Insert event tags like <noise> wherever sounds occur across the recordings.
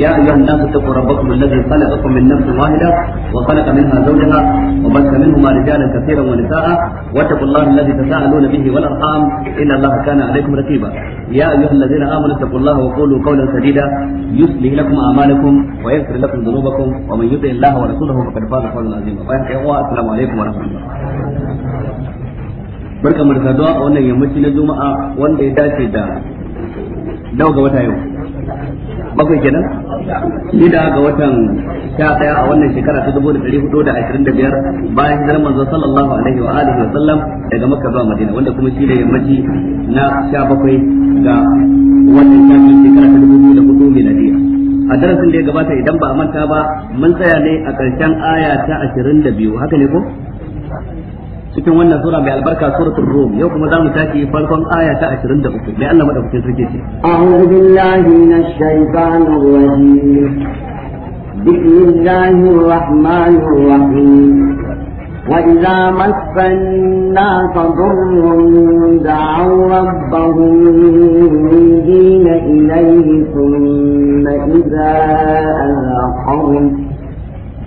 يا أيها الناس اتقوا ربكم الذي خلقكم من نفس واحدة وخلق منها زوجها وبث منهما رجالا كثيرا ونساء واتقوا الله الذي تساءلون به والأرحام إن الله كان عليكم رقيبا يا أيها الذين آمنوا اتقوا الله وقولوا قولا سديدا يصلح لكم أعمالكم ويغفر لكم ذنوبكم ومن يطع الله ورسوله فقد فاز فوزا عظيما السلام عليكم ورحمة الله barka mu da a wannan yammaci na juma'a wanda ya dace da dauga wata yau bakwai kenan ni da ga watan ta daya a wannan shekara ta dubu da dari hudu da ashirin da biyar bayan hijirar manzo sallallahu alaihi wa alihi wa sallam daga makka zuwa madina wanda kuma shi ne yammaci na sha bakwai ga wannan shafin shekara ta dubu biyu da hudu miladiya a darasin da ya gabata idan ba a manta ba mun tsaya ne a ƙarshen aya ta ashirin da biyu haka ne ko cikin wannan sura mai albarka suratul rum yau kuma zamu tashi farkon aya ta 23 mai Allah madaukakin sarki ce a'udhu billahi minash shaitanir rajim bismillahir rahmanir rahim وإذا مس الناس ضر دعوا ربهم منيبين إليه ثم إذا أذاقهم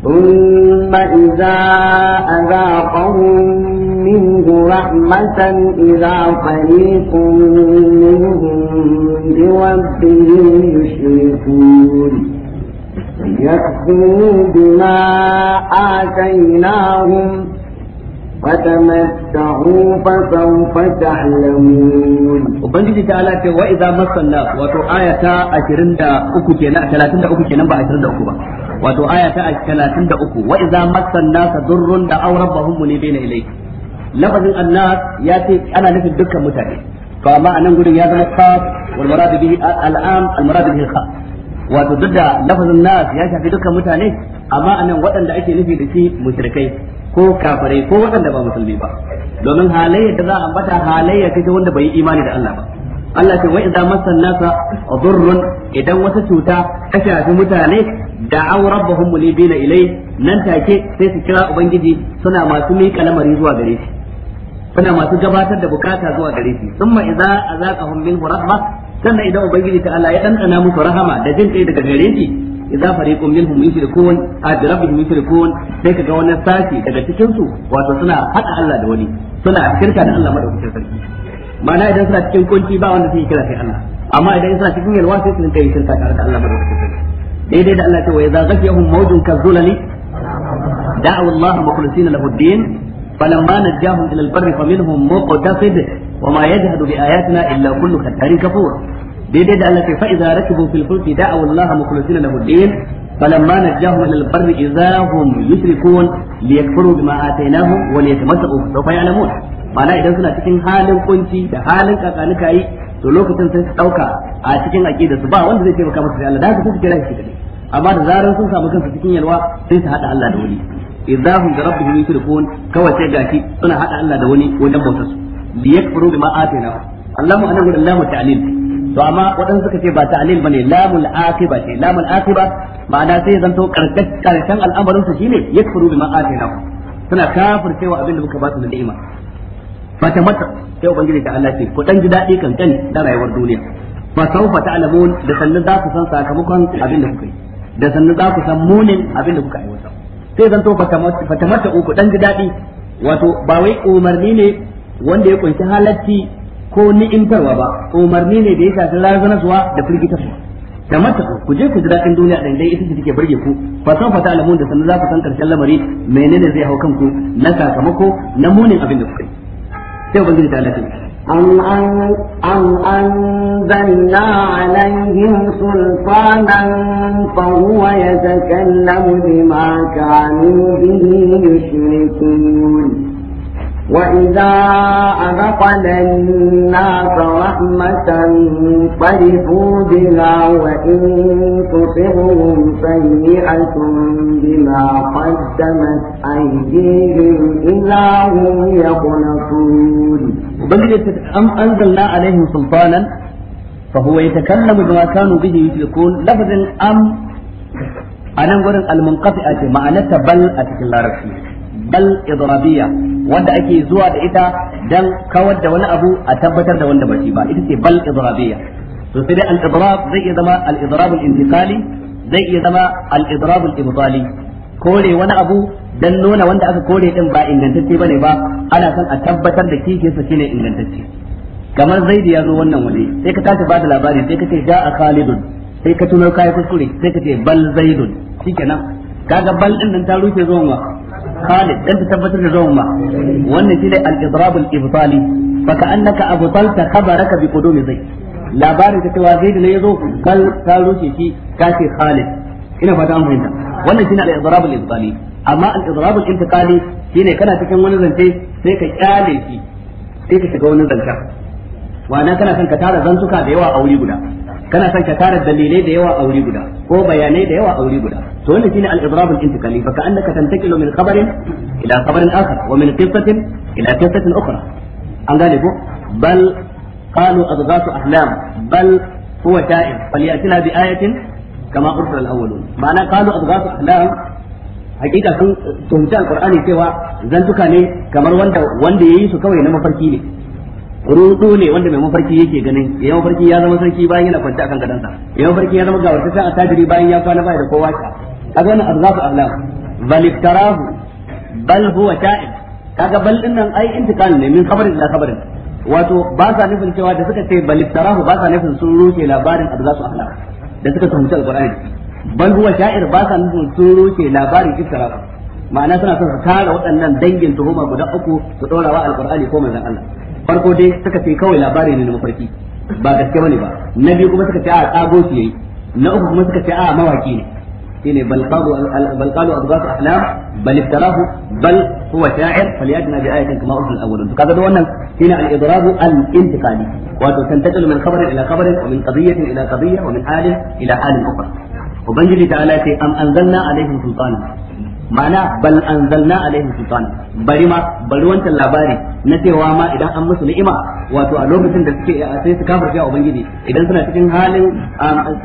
ثم إذا أذاقهم منه رحمة إذا فريق منهم بربهم يشركون ليكفروا بما آتيناهم فتمتعوا فسوف تعلمون Ubangiji ta ala ce wa iza masanna wato aya ta 23 kenan 33 kenan ba 23 ba wato aya ta 33 wa iza masanna sadurrun da aurabahum ne bayna ilayhi lafazin annas ya ce ana nufin dukkan mutane to amma a nan gudun ya zama khas wal murad bihi al'am al murad bihi khas wato duk da lafazin nas ya shafi dukkan mutane amma a nan waɗanda ake nufi da shi mushrikai ko kafirai ko waɗanda ba musulmi ba domin halayyar da za a ambata halayya ta wanda bai yi imani da Allah ba Allah ce wa idza massan nasa dhurrun idan wata cuta ta shafi mutane da'aw rabbahum munibina ilai nan take sai su kira ubangiji suna masu miƙa lamari zuwa gare shi suna masu gabatar da bukata zuwa gare su thumma idza azaqahum minhu rahma sannan idan ubangiji ta Allah ya dandana musu rahama da jin kai daga gare shi idza fariqun minhum yushrikun ajrabuhum yushrikun sai kaga wannan sashi daga cikin su wato suna hada Allah da wani suna shirka da Allah madaukakin sarki ma'ana idan suna cikin kunci ba wanda suke kira sai Allah amma idan suna cikin yalwa sai su rinka yin shirka tare da Allah madaukakin sarki daidai da Allah ta wa idza ghashiyahum mawjun kazulali da'u Allah mukhlisina lahu ad-din فلما نجاهم إلى البر فمنهم مقتصد وما يجهد بآياتنا إلا كل ختار كفور daidai da Allah ce fa idza rakibu fil fulki da'u Allah mukhlisina lahu din falamma najahum ila al-barri idza hum yushrikun liyakfuru bima atainahum wa liyatamattu sawfa ya'lamun idan suna cikin halin kunci da halin kakanuka to lokacin sai su dauka a cikin aqida su ba wanda zai taimaka musu da Allah da haka su kira amma da zarar sun samu cikin yalwa sai su Allah da idahum bi rabbihim yushrikun kawai sai gashi suna hada Allah da wani wajen bautar su bi yakfuru bima atina Allahu anahu lillahi ta'lil to amma wadansu suka ce ba ta'lil bane lamul aqiba ce lamul aqiba ma'ana sai zanto karshen al'amarin su shine yakfuru bima atina suna kafircewa abin da muka ba su da ni'ima fata mata sai ubangiji ta Allah ce ku dan ji dadi kan kan da rayuwar duniya fa sawfa ta'lamun da sannan za ku san sakamakon abin da kuka yi da sannan za ku san munin abin da kuka aiwatar sai zanto fatamata uku dan ji daɗi wato ba wai umarni ne wanda ya kunshi halatti ko ni'imtarwa ba umarni ne da ya shafi razanarwa da firgitarwa da mata ku je ku ji daɗin duniya ɗin dai ita ce take burge ku fa san fata alamun da sanin za ku san karshen lamari menene zai hau kanku na sakamako na munin abin da kuka yi sai ubangiji ta Allah أم أن أنزلنا عليهم سلطانا فهو يتكلم بما كانوا به يشركون وإذا أذقنا الناس رحمة فرحوا بها وإن تصبهم سيئة بما قدمت أيديهم إلا هم يقنطون بل أم أنزلنا عليهم سلطانا فهو يتكلم بما كانوا به يشركون لفظ أم أنا أقول المنقطعة معنى بل أتكلم بل إضرابية wanda ake zuwa da ita dan kawar da wani abu a tabbatar da wanda ba shi ba ita ce bal idrabiyya to sai dai al-idrab zai iya zama al-idrab al-intiqali zai iya zama al-idrab al-ibtali kore wani abu dan nuna wanda aka kore din ba ingantacce bane ba ana son a tabbatar da kike sa shine ingantacce kamar zaidi ya zo wannan waje sai ka tashi ba da labari sai ka ce ja a khalidun sai ka tuno kai kuskure sai ka ce bal zaidun shikenan kaga bal din nan ta rufe zuwan Khalid tabbatar da zuwan ma wannan shine al-idrab al bi qudumi zai labarin da cewa zai ne yazo kal ka kana cikin wana kana son ka tara da yawa guda kana son ka tara dalilai da yawa a wuri guda ko bayanai da yawa a wuri guda to wannan shine al-idrab al-intiqali fa ka'annaka tantakilu min khabarin ila khabarin akhar wa min qissatin ila qissatin ukhra an gane ko bal qalu adghatu ahlam bal huwa ta'ib falyatina bi ayatin kama ursila al-awwalun ma'ana qalu adghatu ahlam hakika sun tunta al-qur'ani cewa zantuka ne kamar wanda wanda yayi su kawai na mafarki ne rudo ne wanda mai mafarki yake ganin ya mafarki ya zama sarki bayan yana kwanta akan gadansa ya mafarki ya zama gawarta a tajiri bayan ya kwana baya da kowa ka kaga wannan arzafu ahlam bal iftarahu bal huwa ta'ib kaga bal din nan ai intiqal ne min khabarin ila khabarin wato ba sa nufin cewa da suka ce bal iftarahu ba sa nufin sun rushe labarin arzafu ahlam da suka tuhumci alqur'ani bal huwa sha'ir ba sa nufin sun rushe labarin iftarahu ma'ana suna son su tara waɗannan dangin tuhuma guda uku su ɗora wa alqur'ani ko manzon Allah farko dai suka ce kawai labari ne na mafarki ba gaske bane ba na biyu kuma suka ce a tsago shi yayi na uku kuma suka ce a mawaki ne shine bal qalu bal qalu adghas ahlam bal iftarahu bal huwa sha'ir falyadna bi ayatin kama usul awwalun to kaga da wannan shine al idrabu al intiqali wato tantaqilu min khabarin ila khabarin wa min qadiyatin ila qadiyya wa min halin ila halin ukhra ubangiji ta'ala ce am anzalna alaihim sultana ma'ana bal anzalna alaihi sultan bari ma bari wancan labari na cewa ma idan an musu ni'ima wato a lokacin da suke sai su kafar wa ubangiji idan suna cikin halin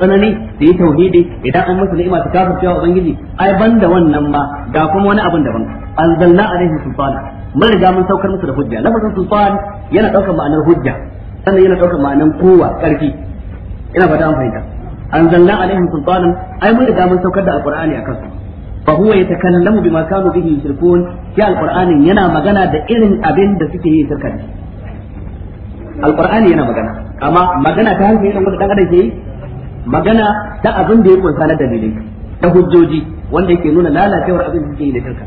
tsanani su yi tauhidi idan an musu ni'ima su kafar wa ubangiji ai banda wannan ma ga kuma wani abin daban anzalna alaihi sultan mun riga mun saukar musu da hujja lafazin sultan yana daukar ma'anar hujja sannan yana daukar ma'anar kowa karfi ina fata an fahimta anzalna alaihim sultan ai mun riga mun saukar da alqur'ani akan su fa huwa yatakallamu bima kanu bihi yushrikun ya alqur'anin yana magana da irin abin da suke yi shirka ne alqur'ani yana magana amma magana ta hankali irin wanda dan adam ke yi magana ta abin da ya kunsa na dalilai ta hujjoji wanda ke nuna lalacewar abin da suke yi da shirka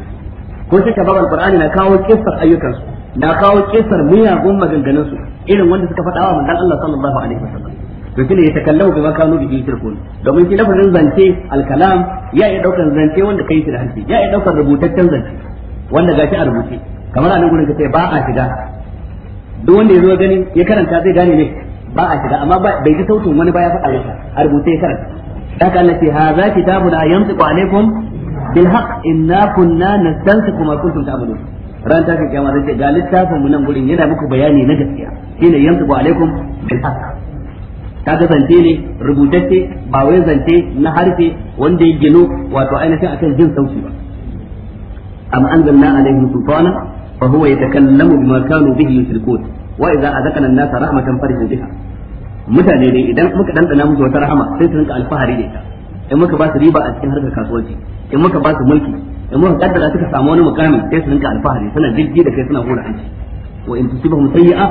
ko shirka babu alqur'ani na kawo kissar ayyukansu na kawo kisar miyagun maganganun su irin wanda suka faɗa wa manzon Allah to shine ya takallamu bima kanu bi yushrikun domin shi lafazin zance al-kalam ya iya daukar zance wanda kai shi da hanci ya iya daukar rubutaccen zance wanda gashi a rubuce kamar a nan gurin kace ba a shiga duk wanda ya zo gani ya karanta zai gane ne ba a shiga amma bai ji sautin wani baya faɗa masa a rubuce ya karanta haka Allah ce za ki hadza kitabuna yantiqu alaikum bil haqq inna kunna nastansiqu ma kuntum ta'malun ran ta kiyama zai ce ga littafin mu nan gurin yana muku bayani na gaskiya shine yantiqu alaikum bil haq. kaga zance ne rubutacce ba wai zance na harfe wanda ya gino wato ainihin akan jin sauki ba am anzalna alaihim sultana fa huwa yatakallamu bima kanu bihi yushrikun wa idza azaqna an-nasa rahmatan farihu biha mutane ne idan muka dandana musu wata rahama sai su rinka alfahari da ita in muka ba su riba a cikin harkar kasuwanci in muka ba su mulki in muka kaddara suka samu wani mukami sai su rinka alfahari suna jijji da kai suna hura hanci wa in tusibahum sayyi'a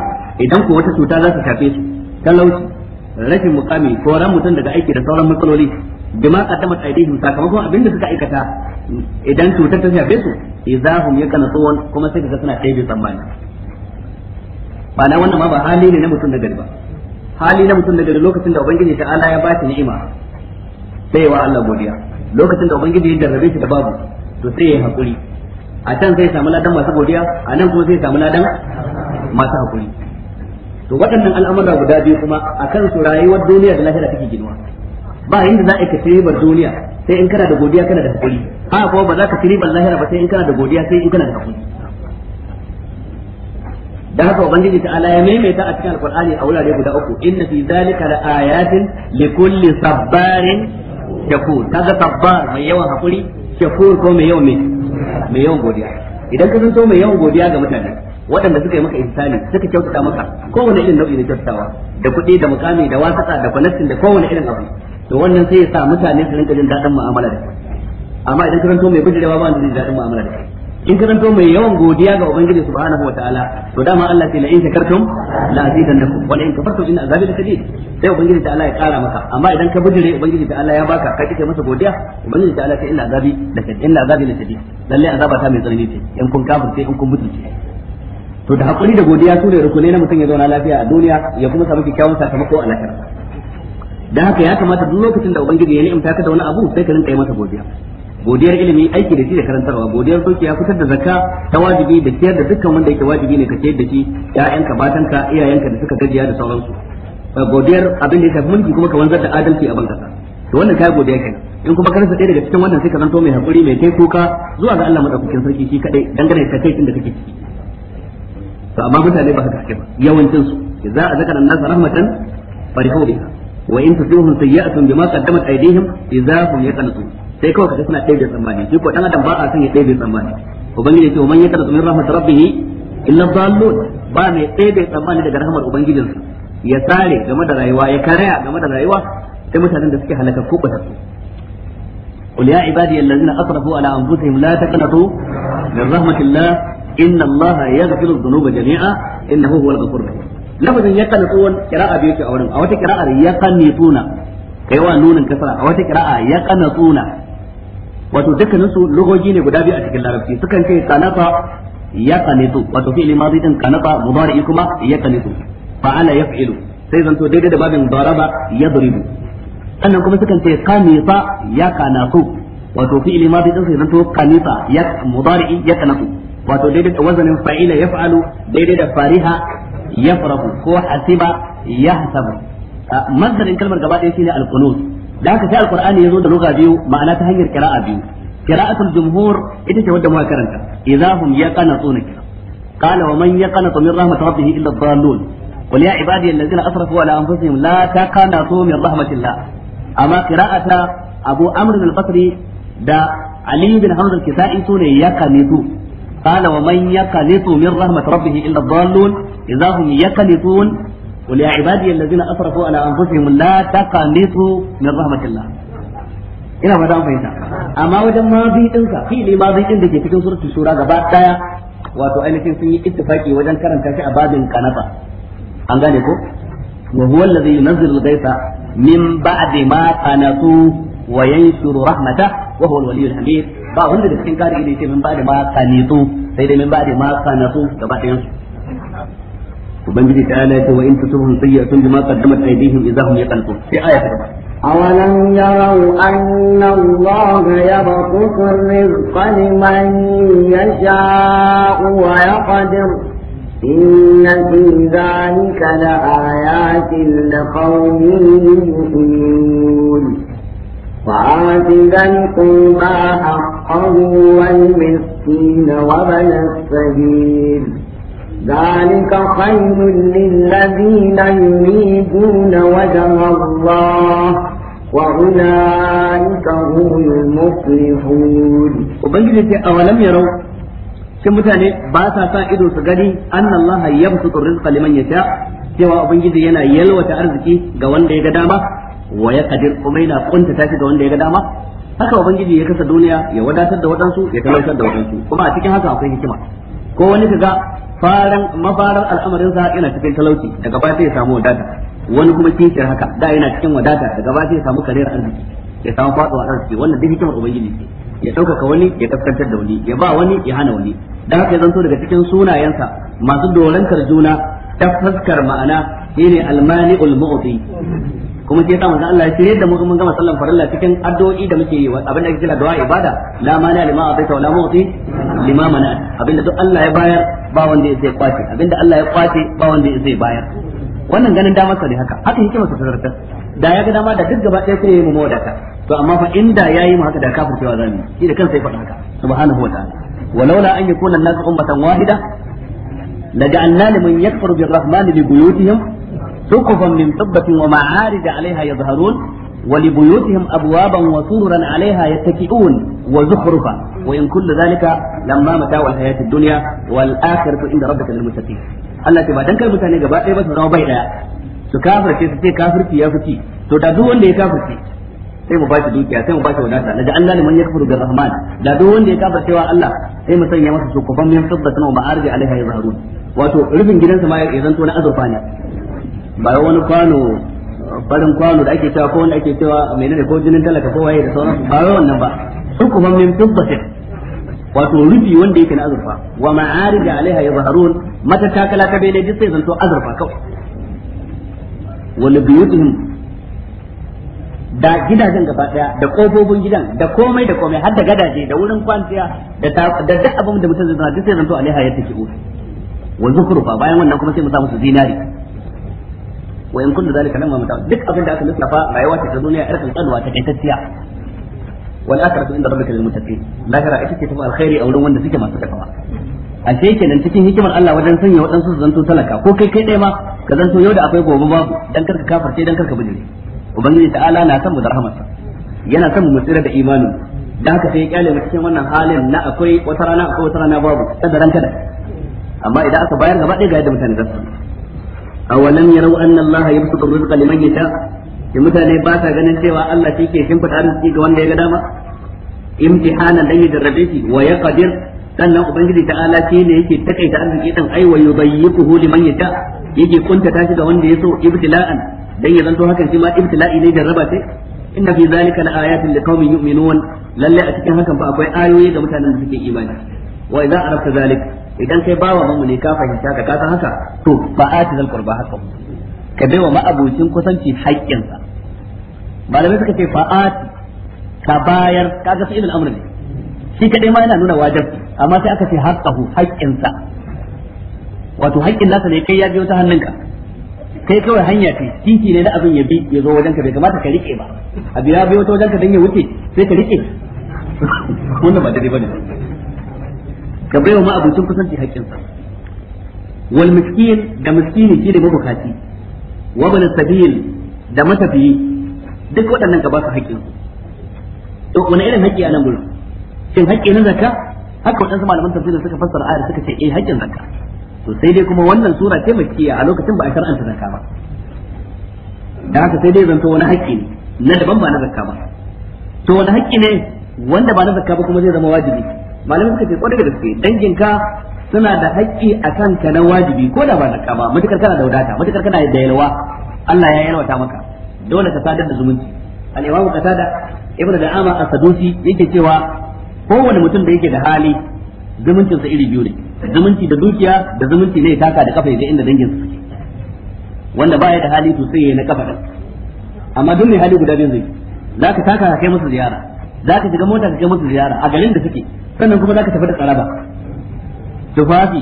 idan ko wata cuta za ta shafe su talauci rashin mukami ko ran mutum daga aiki da sauran matsaloli ma qaddamat aydihim sakamakon abinda suka aikata idan cutar ta shafe su ya yakana tsuwan kuma sai kaga suna ɗebe tsammani ba na wannan ma ba hali ne na mutum na gari ba hali na mutum na gari lokacin da ubangiji ta Allah ya ba shi ni'ima sai wa Allah godiya lokacin da ubangiji ya darrabe shi da babu to sai ya hakuri a can sai samu ladan masu godiya a nan kuma sai samu ladan masu hakuri to waɗannan al'amura guda biyu kuma akan su rayuwar duniya da lahira take ginuwa ba inda za a ka ribar duniya sai in kana da godiya kana da hakuri ha kuma ba za ka ci ribar lahira ba sai in kana da godiya sai in kana da hakuri da haka ubangiji ta ala ya maimaita a cikin alqur'ani a wurare guda uku inna fi zalika la ayatin li kulli sabbarin shakur kaga sabbar mai yawan hakuri shakur ko mai yawan mai yawan godiya idan ka so mai yawan godiya ga mutane waɗanda suka yi maka insani suka kyautata maka kowane irin nau'i na kyautatawa da kuɗi da mukami da wasaka da connection da kowane irin abu to wannan sai ya sa mutane su rinka jin daɗin mu'amala da kai amma idan karanto mai bijirewa ba wanda zai daɗin mu'amala da kai in karanto mai yawan godiya ga ubangiji subhanahu wataala to dama Allah sai la in shakartum la azidannakum wa la in kafartum inna azabi lakadid sai ubangiji ta Allah ya kara maka amma idan ka bijire ubangiji ta Allah ya baka ka kike masa godiya ubangiji ta Allah sai inna azabi lakadid inna azabi lakadid lalle azaba ta mai tsanani ce in kun kafirce in kun mutunce to da hakuri da godiya su ne rukunai na mutum ya zauna lafiya a duniya ya kuma samu kyakkyawan sakamako a lahira dan haka ya kamata duk lokacin da ubangiji ya ni'imta ka da wani abu sai ka rinka yi masa godiya godiyar ilimi aiki da shi da karantarwa godiyar soki ya fitar da zakka ta wajibi da ciyar da dukkan wanda yake wajibi ne ka ciyar da shi ƴaƴanka batanka iyayenka da suka gajiya da sauransu godiyar abin da ya shafi mulki kuma ka wanzar da adalci a bankasa to wannan kai godiya kenan in kuma karanta ɗaya daga cikin wannan sai ka zanto mai hakuri mai kai kuka zuwa ga Allah madaukakin sarki shi kadai dangane da kai da kake ciki to amma mutane ba haka suke ba yawancin su idza zakara an rahmatan farihu biha wa in tusibuhum sayyi'atun bima qaddamat aydihim idza hum yaqnutun sai kawai kaga suna tsammani shi ko dan adam ba a ya ɗaya tsammani ubangiji ce man min rahmat rabbih illa dhallun ba mai ɗaya tsammani daga rahmar ubangijinsa ya tsare game da rayuwa ya karaya game da rayuwa sai mutanen da suke halaka ko ba قل يا عبادي الذين أسرفوا على أنفسهم لا تقنطوا من رحمة الله inna allaha yaghfiru dhunuba jami'a innahu huwal ghafurur rahim lafazin yakan tsohon kira'a biyu ce a wurin a wata kira'ar yakan nituna kai wato dukkanin su lugogi ne guda biyu a cikin larabci sukan ce kanata yaqanitu wato fi'li madi din kanata mudari kuma yaqanitu ya yaf'ilu sai zanto daidai da babin daraba yadribu sannan kuma sukan ce qanita yaqanatu wato fi'li madi din sai zanto qanita yak mudari yaqanatu wato daidai da wazanin fa'ila yaf'alu daidai da fariha yafrahu ko hasiba hasabu. mazharin kalmar gaba ɗaya shine al-qunut da haka sai alqur'ani yazo da lugha biyu ma'ana ta hanyar qira'a biyu qira'atul jumhur ita ce wadda muka karanta idahum yaqanatuna qala wa man yaqanatu min rahmat rabbih illa ad-dallun qul ya ibadi allazina asrafu ala anfusihim la taqanatu min rahmatillah amma qira'ata abu amr al-basri da ali bin hamza al-kisai sune yaqanitu قال ومن يقنط من رحمة ربه إلا الضالون إذا هم يقنطون قل يا عبادي الذين أسرفوا على أنفسهم لا تقنطوا من رحمة الله ina ba an fahimta amma wajen mazi ɗinsa fi'ili mazi ɗin da ke cikin suratul shura gaba ɗaya wato ainihin sun yi ittifaki wajen karanta shi a babin kanafa an gane ko wa huwa allazi yunzilu ghaytha min ba'di ma qanatu wa yanshuru wa huwa al-waliyyul hamid ba wanda da cikin kari ne sai min ba da ma kanitu sai dai min ba da ma kanatu su ubangiji ta ala ce wa in tusuhum sayyi'atun bima qaddamat aydihim idza hum sai aya ta gaba أولم يروا أن الله يبسط الرزق لمن يشاء ويقدر إن في ذلك لآيات لقوم يؤمنون وآت ذا القربى حقه والمسكين وابن السبيل ذلك خير للذين يريدون وجه الله وأولئك هم المفلحون وبنجد أولم يروا shin mutane ba sa sa ido su gani annallaha yabsutu rizqa liman yasha cewa ubangiji yana yalwata arziki ga wanda ya ga dama wa ya kadir kuma yana kunta tashi ga wanda ya ga dama haka ubangiji ya kasa duniya ya wadatar da waɗansu ya talautar da waɗansu kuma a cikin haka akwai hikima ko wani kaga faran mafarar al'amarin sa yana cikin talauci daga baya sai ya samu wadata wani kuma kinkir haka da yana cikin wadata daga baya sai ya samu kariyar arziki ya samu faɗuwa arziki wannan duk hikimar ubangiji ce ya ɗaukaka wani ya kaskantar da wani ya ba wani ya hana wani da haka ya zanto daga cikin sunayensa masu dorantar juna ta fuskar ma'ana shine almani'ul mu'ti kuma sai ya samu Allah ya shirye da mu mun gama sallan farilla cikin addu'o'i da muke yi wa abin da ake kira du'a ibada la mana lima ataita wala mu'ti lima mana abinda duk Allah ya bayar ba wanda ya sai kwace abinda Allah ya kwace ba wanda ya sai bayar wannan ganin damar sa ne haka haka hikimar sa ta da ya ga dama da duk gaba ɗaya sai ya yi mu mawadata to amma fa inda yi mu haka da kafin kafircewa zamu shi da kansa ya faɗa haka subhanahu wa ta'ala ولولا أن يكون الناس أمة واحدة لجعلنا لمن يكفر بالرحمن لبيوتهم سقفا من فضة ومعارج عليها يظهرون ولبيوتهم أبوابا وسورا عليها يتكئون وزخرفا وإن كل ذلك لما متاع الحياة الدنيا والآخرة عند ربك للمتقين Allah ce ba dan kai mutane gaba ɗaya ba su zama bai ɗaya su kafirce su ce kafirci ya fici to da duk wanda ya kafirce sai mu bashi dukiya sai mu bashi wadata la da Allah ya yakfuru bir rahman da duk wanda ya kafirce wa Allah sai mu sanya masa sukufan min fiddatin wa ma'arij alaiha yazharun wato rufin gidansa ma ya zanto na azurfa ne ba wani kwano farin kwano da ake cewa ko wanda ake cewa menene ko jinin talaka ko waye da sauran ba wai wannan ba kuma min tubbatin wato rufi wanda yake na azurfa wa ma'arij alaiha yadhharun mata takala ta bai ne duk sai zanto azurfa kawai wal biyutihim da gidajen gaba daya da kofofin gidan da komai da komai har da gadaje da wurin kwanciya da da duk abin da mutum zai duk sai zanto alaiha ya take wa zukrufa bayan wannan kuma sai mu samu su zinari wa in kullu zalika lamma mata duk abin da aka lissafa rayuwa ta duniya irkan kanwa ta kaitacciya wal akhiratu inda rabbika lil muttaqin lahira ita ce kuma alkhairi a wurin wanda suke masu takawa ashe kenan cikin hikimar Allah wajen sanya waɗansu su zanto talaka ko kai kai ɗaya ma ka zanto yau da akwai gobe babu dan karka kafarce dan karka bijire ubangiji ta'ala na san mu da rahamarsa yana san mu tsira da imanin dan haka sai ya kyale mu cikin wannan halin na akwai wata rana akwai wata rana babu kada ran kada amma idan aka bayar gaba ɗaya ga yadda mutane za awalam yarau anna Allah yabsutu rizqa liman yasha ki mutane ba sa ganin cewa Allah shi ke shimfida arziki ga wanda ya ga dama imtihanan dan ya jarrabe shi wa yaqdir sannan ubangiji ta'ala shi ne yake takaita arziki dan ai wa yubayyihu liman yasha yake kuntata shi ga wanda ya so ibtila'an dan ya zanto hakan shi ma ibtila'i ne jarraba ce inna fi zalika laayatin liqaumin yu'minun lalle a cikin hakan fa akwai ayoyi ga mutanen da suke imani wa idza arafta zalika idan kai bawa mamuni ka fahimta ka kasan haka to ba a tizal ba haka ka wa ma'abucin kusanci haƙƙinsa malamai suka ce fa'ati ka bayar kaga fi'il al-amr shi kadai ma yana nuna wajib amma sai aka ce haqqahu haƙƙinsa wato haƙƙin nasa ne kai ya biyo ta hannunka kai kawai hanya ce titi ne na abin ya bi ya zo wajen ka bai kamata ka rike ba A ya biyo ta wajen ka dan ya wuce sai ka rike <laughs> wannan ba daidai bane ka bai wa ma'abucin kusanci haƙƙinsa wal miskin da miskini shi da mabukaci wa bin sabil da matafiyi duk waɗannan ka ba su haƙƙin to wani irin haƙƙi anan gurin shin haƙƙi na zakka haka waɗansu malaman tafsir suka fassara ayar suka ce eh haƙƙin zakka to sai dai kuma wannan sura ce makkiya a lokacin ba a shar'anta zakka ba da haka sai dai zanto wani haƙƙi ne na daban ba na zakka ba to wani haƙƙi ne wanda ba na zakka ba kuma zai zama wajibi malamin suka ce kwarai da gaske danginka suna da haƙƙi a kanka na wajibi ko da ba na ba matukar kana da wadata matukar kana da yalwa Allah ya yalwata maka dole ka sadar da zumunci al-imamu qatada ibnu da'ama as-sadusi yake cewa kowane mutum da yake da hali zumuncin sa iri biyu ne zumunci da dukiya da zumunci ne taka da kafa ya inda dangin su suke wanda baya da hali to sai ya na kafa da amma duk mai hali guda biyu zai zaka taka ka kai musu ziyara za ka shiga mota ka kai musu ziyara a garin da suke sannan kuma zaka tafi da tsaraba tufafi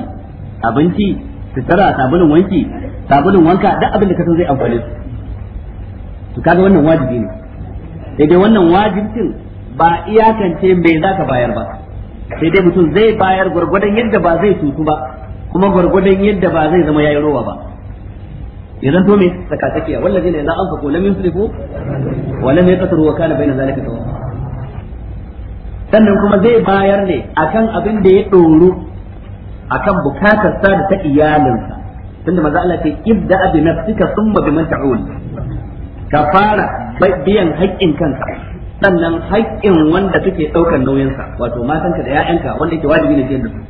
abinci tsara sabulun wanki sabulun wanka da abin da ka zai amfane su to kaga wannan wajibi ne sai dai wannan wajibcin ba iyakance mai zaka bayar ba sai dai mutum zai bayar gwargwadon yadda ba zai tutu ba kuma gwargwadon yadda ba zai zama yayi rowa ba idan to me tsakatsakiya wallazina idza anfaqu lam yusrifu wa lam yaqtaru wa kana baina zalika sawaa sannan kuma zai bayar ne akan abin da ya doro akan bukatarsa da ta iyalinsa tunda maza Allah ke ibda bi nafsika thumma man ta'ul ka fara biyan haƙƙin kanka sannan haƙƙin wanda kake ɗaukar sa wato matanka da 'ya'yanka wanda yake wajibi ne cikin da su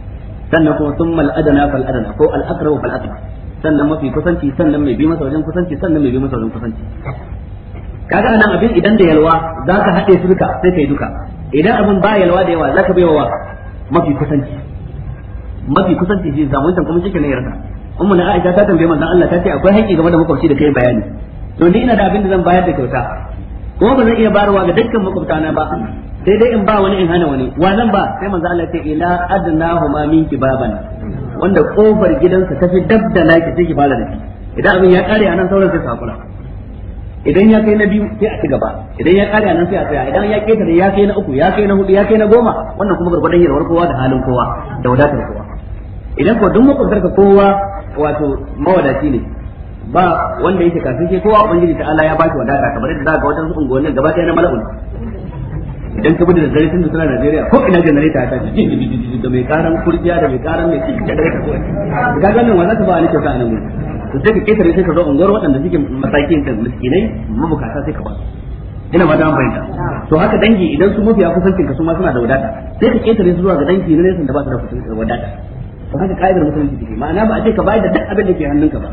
sannan kuma thumma al-adna fal adna ko al-aqrabu fal aqrab sannan mafi kusanci sannan mai bi masa wajen kusanci sannan mai bi masa wajen kusanci kaga anan abin idan da yalwa zaka haɗe su duka sai kai duka idan abin ba yalwa da yawa za ka baiwa wa mafi kusanci mafi kusanci shi zamu tan kuma cikin yarda ummu na Aisha ta tambaye manzon Allah ta ce akwai haƙi game da makwabci da kai bayani to ni ina da abin da zan bayar da kyauta kuma ba zan iya bayarwa ga dukkan makwabtana ba sai dai in ba wani in hana wani wa zan ba sai manzo Allah ya ce ila huma minki baban wanda kofar gidansa ta fi dab ki, naki take bala da idan abin ya kare anan sauran sai sakura idan ya kai na biyu sai a ci gaba idan ya kare nan sai a tsaya idan ya ketare ya kai na uku ya kai na hudu ya kai na goma wannan kuma gurgurdan yarwar kowa da halin kowa da wadatar kowa idan ko duk ka kowa wato mawadaci ne ba wanda yake kafin sai kowa ubangiji ta Allah ya baki wadata kamar yadda zaka ga wadansu unguwannin gaba ɗaya na mala'un idan ka bude da dare tun da suna Najeriya ko ina janareta ta ji da mai karan kurciya da mai karan mai ci da dare ka ga nan wannan ta ba ni kyauta a nan to sai ka ketare sai ka zo unguwar waɗanda suke masakin kan miskinai mabukata sai ka ba su ina ba ta fahimta to haka dangi idan su mafiya kusancin ka su ma suna da wadata sai ka ketare su zuwa ga dangi na nesa da ba su da kusancin wadata to haka ka'idar musulunci take ma'ana ba a ce ka bayar da duk abin da ke hannunka ba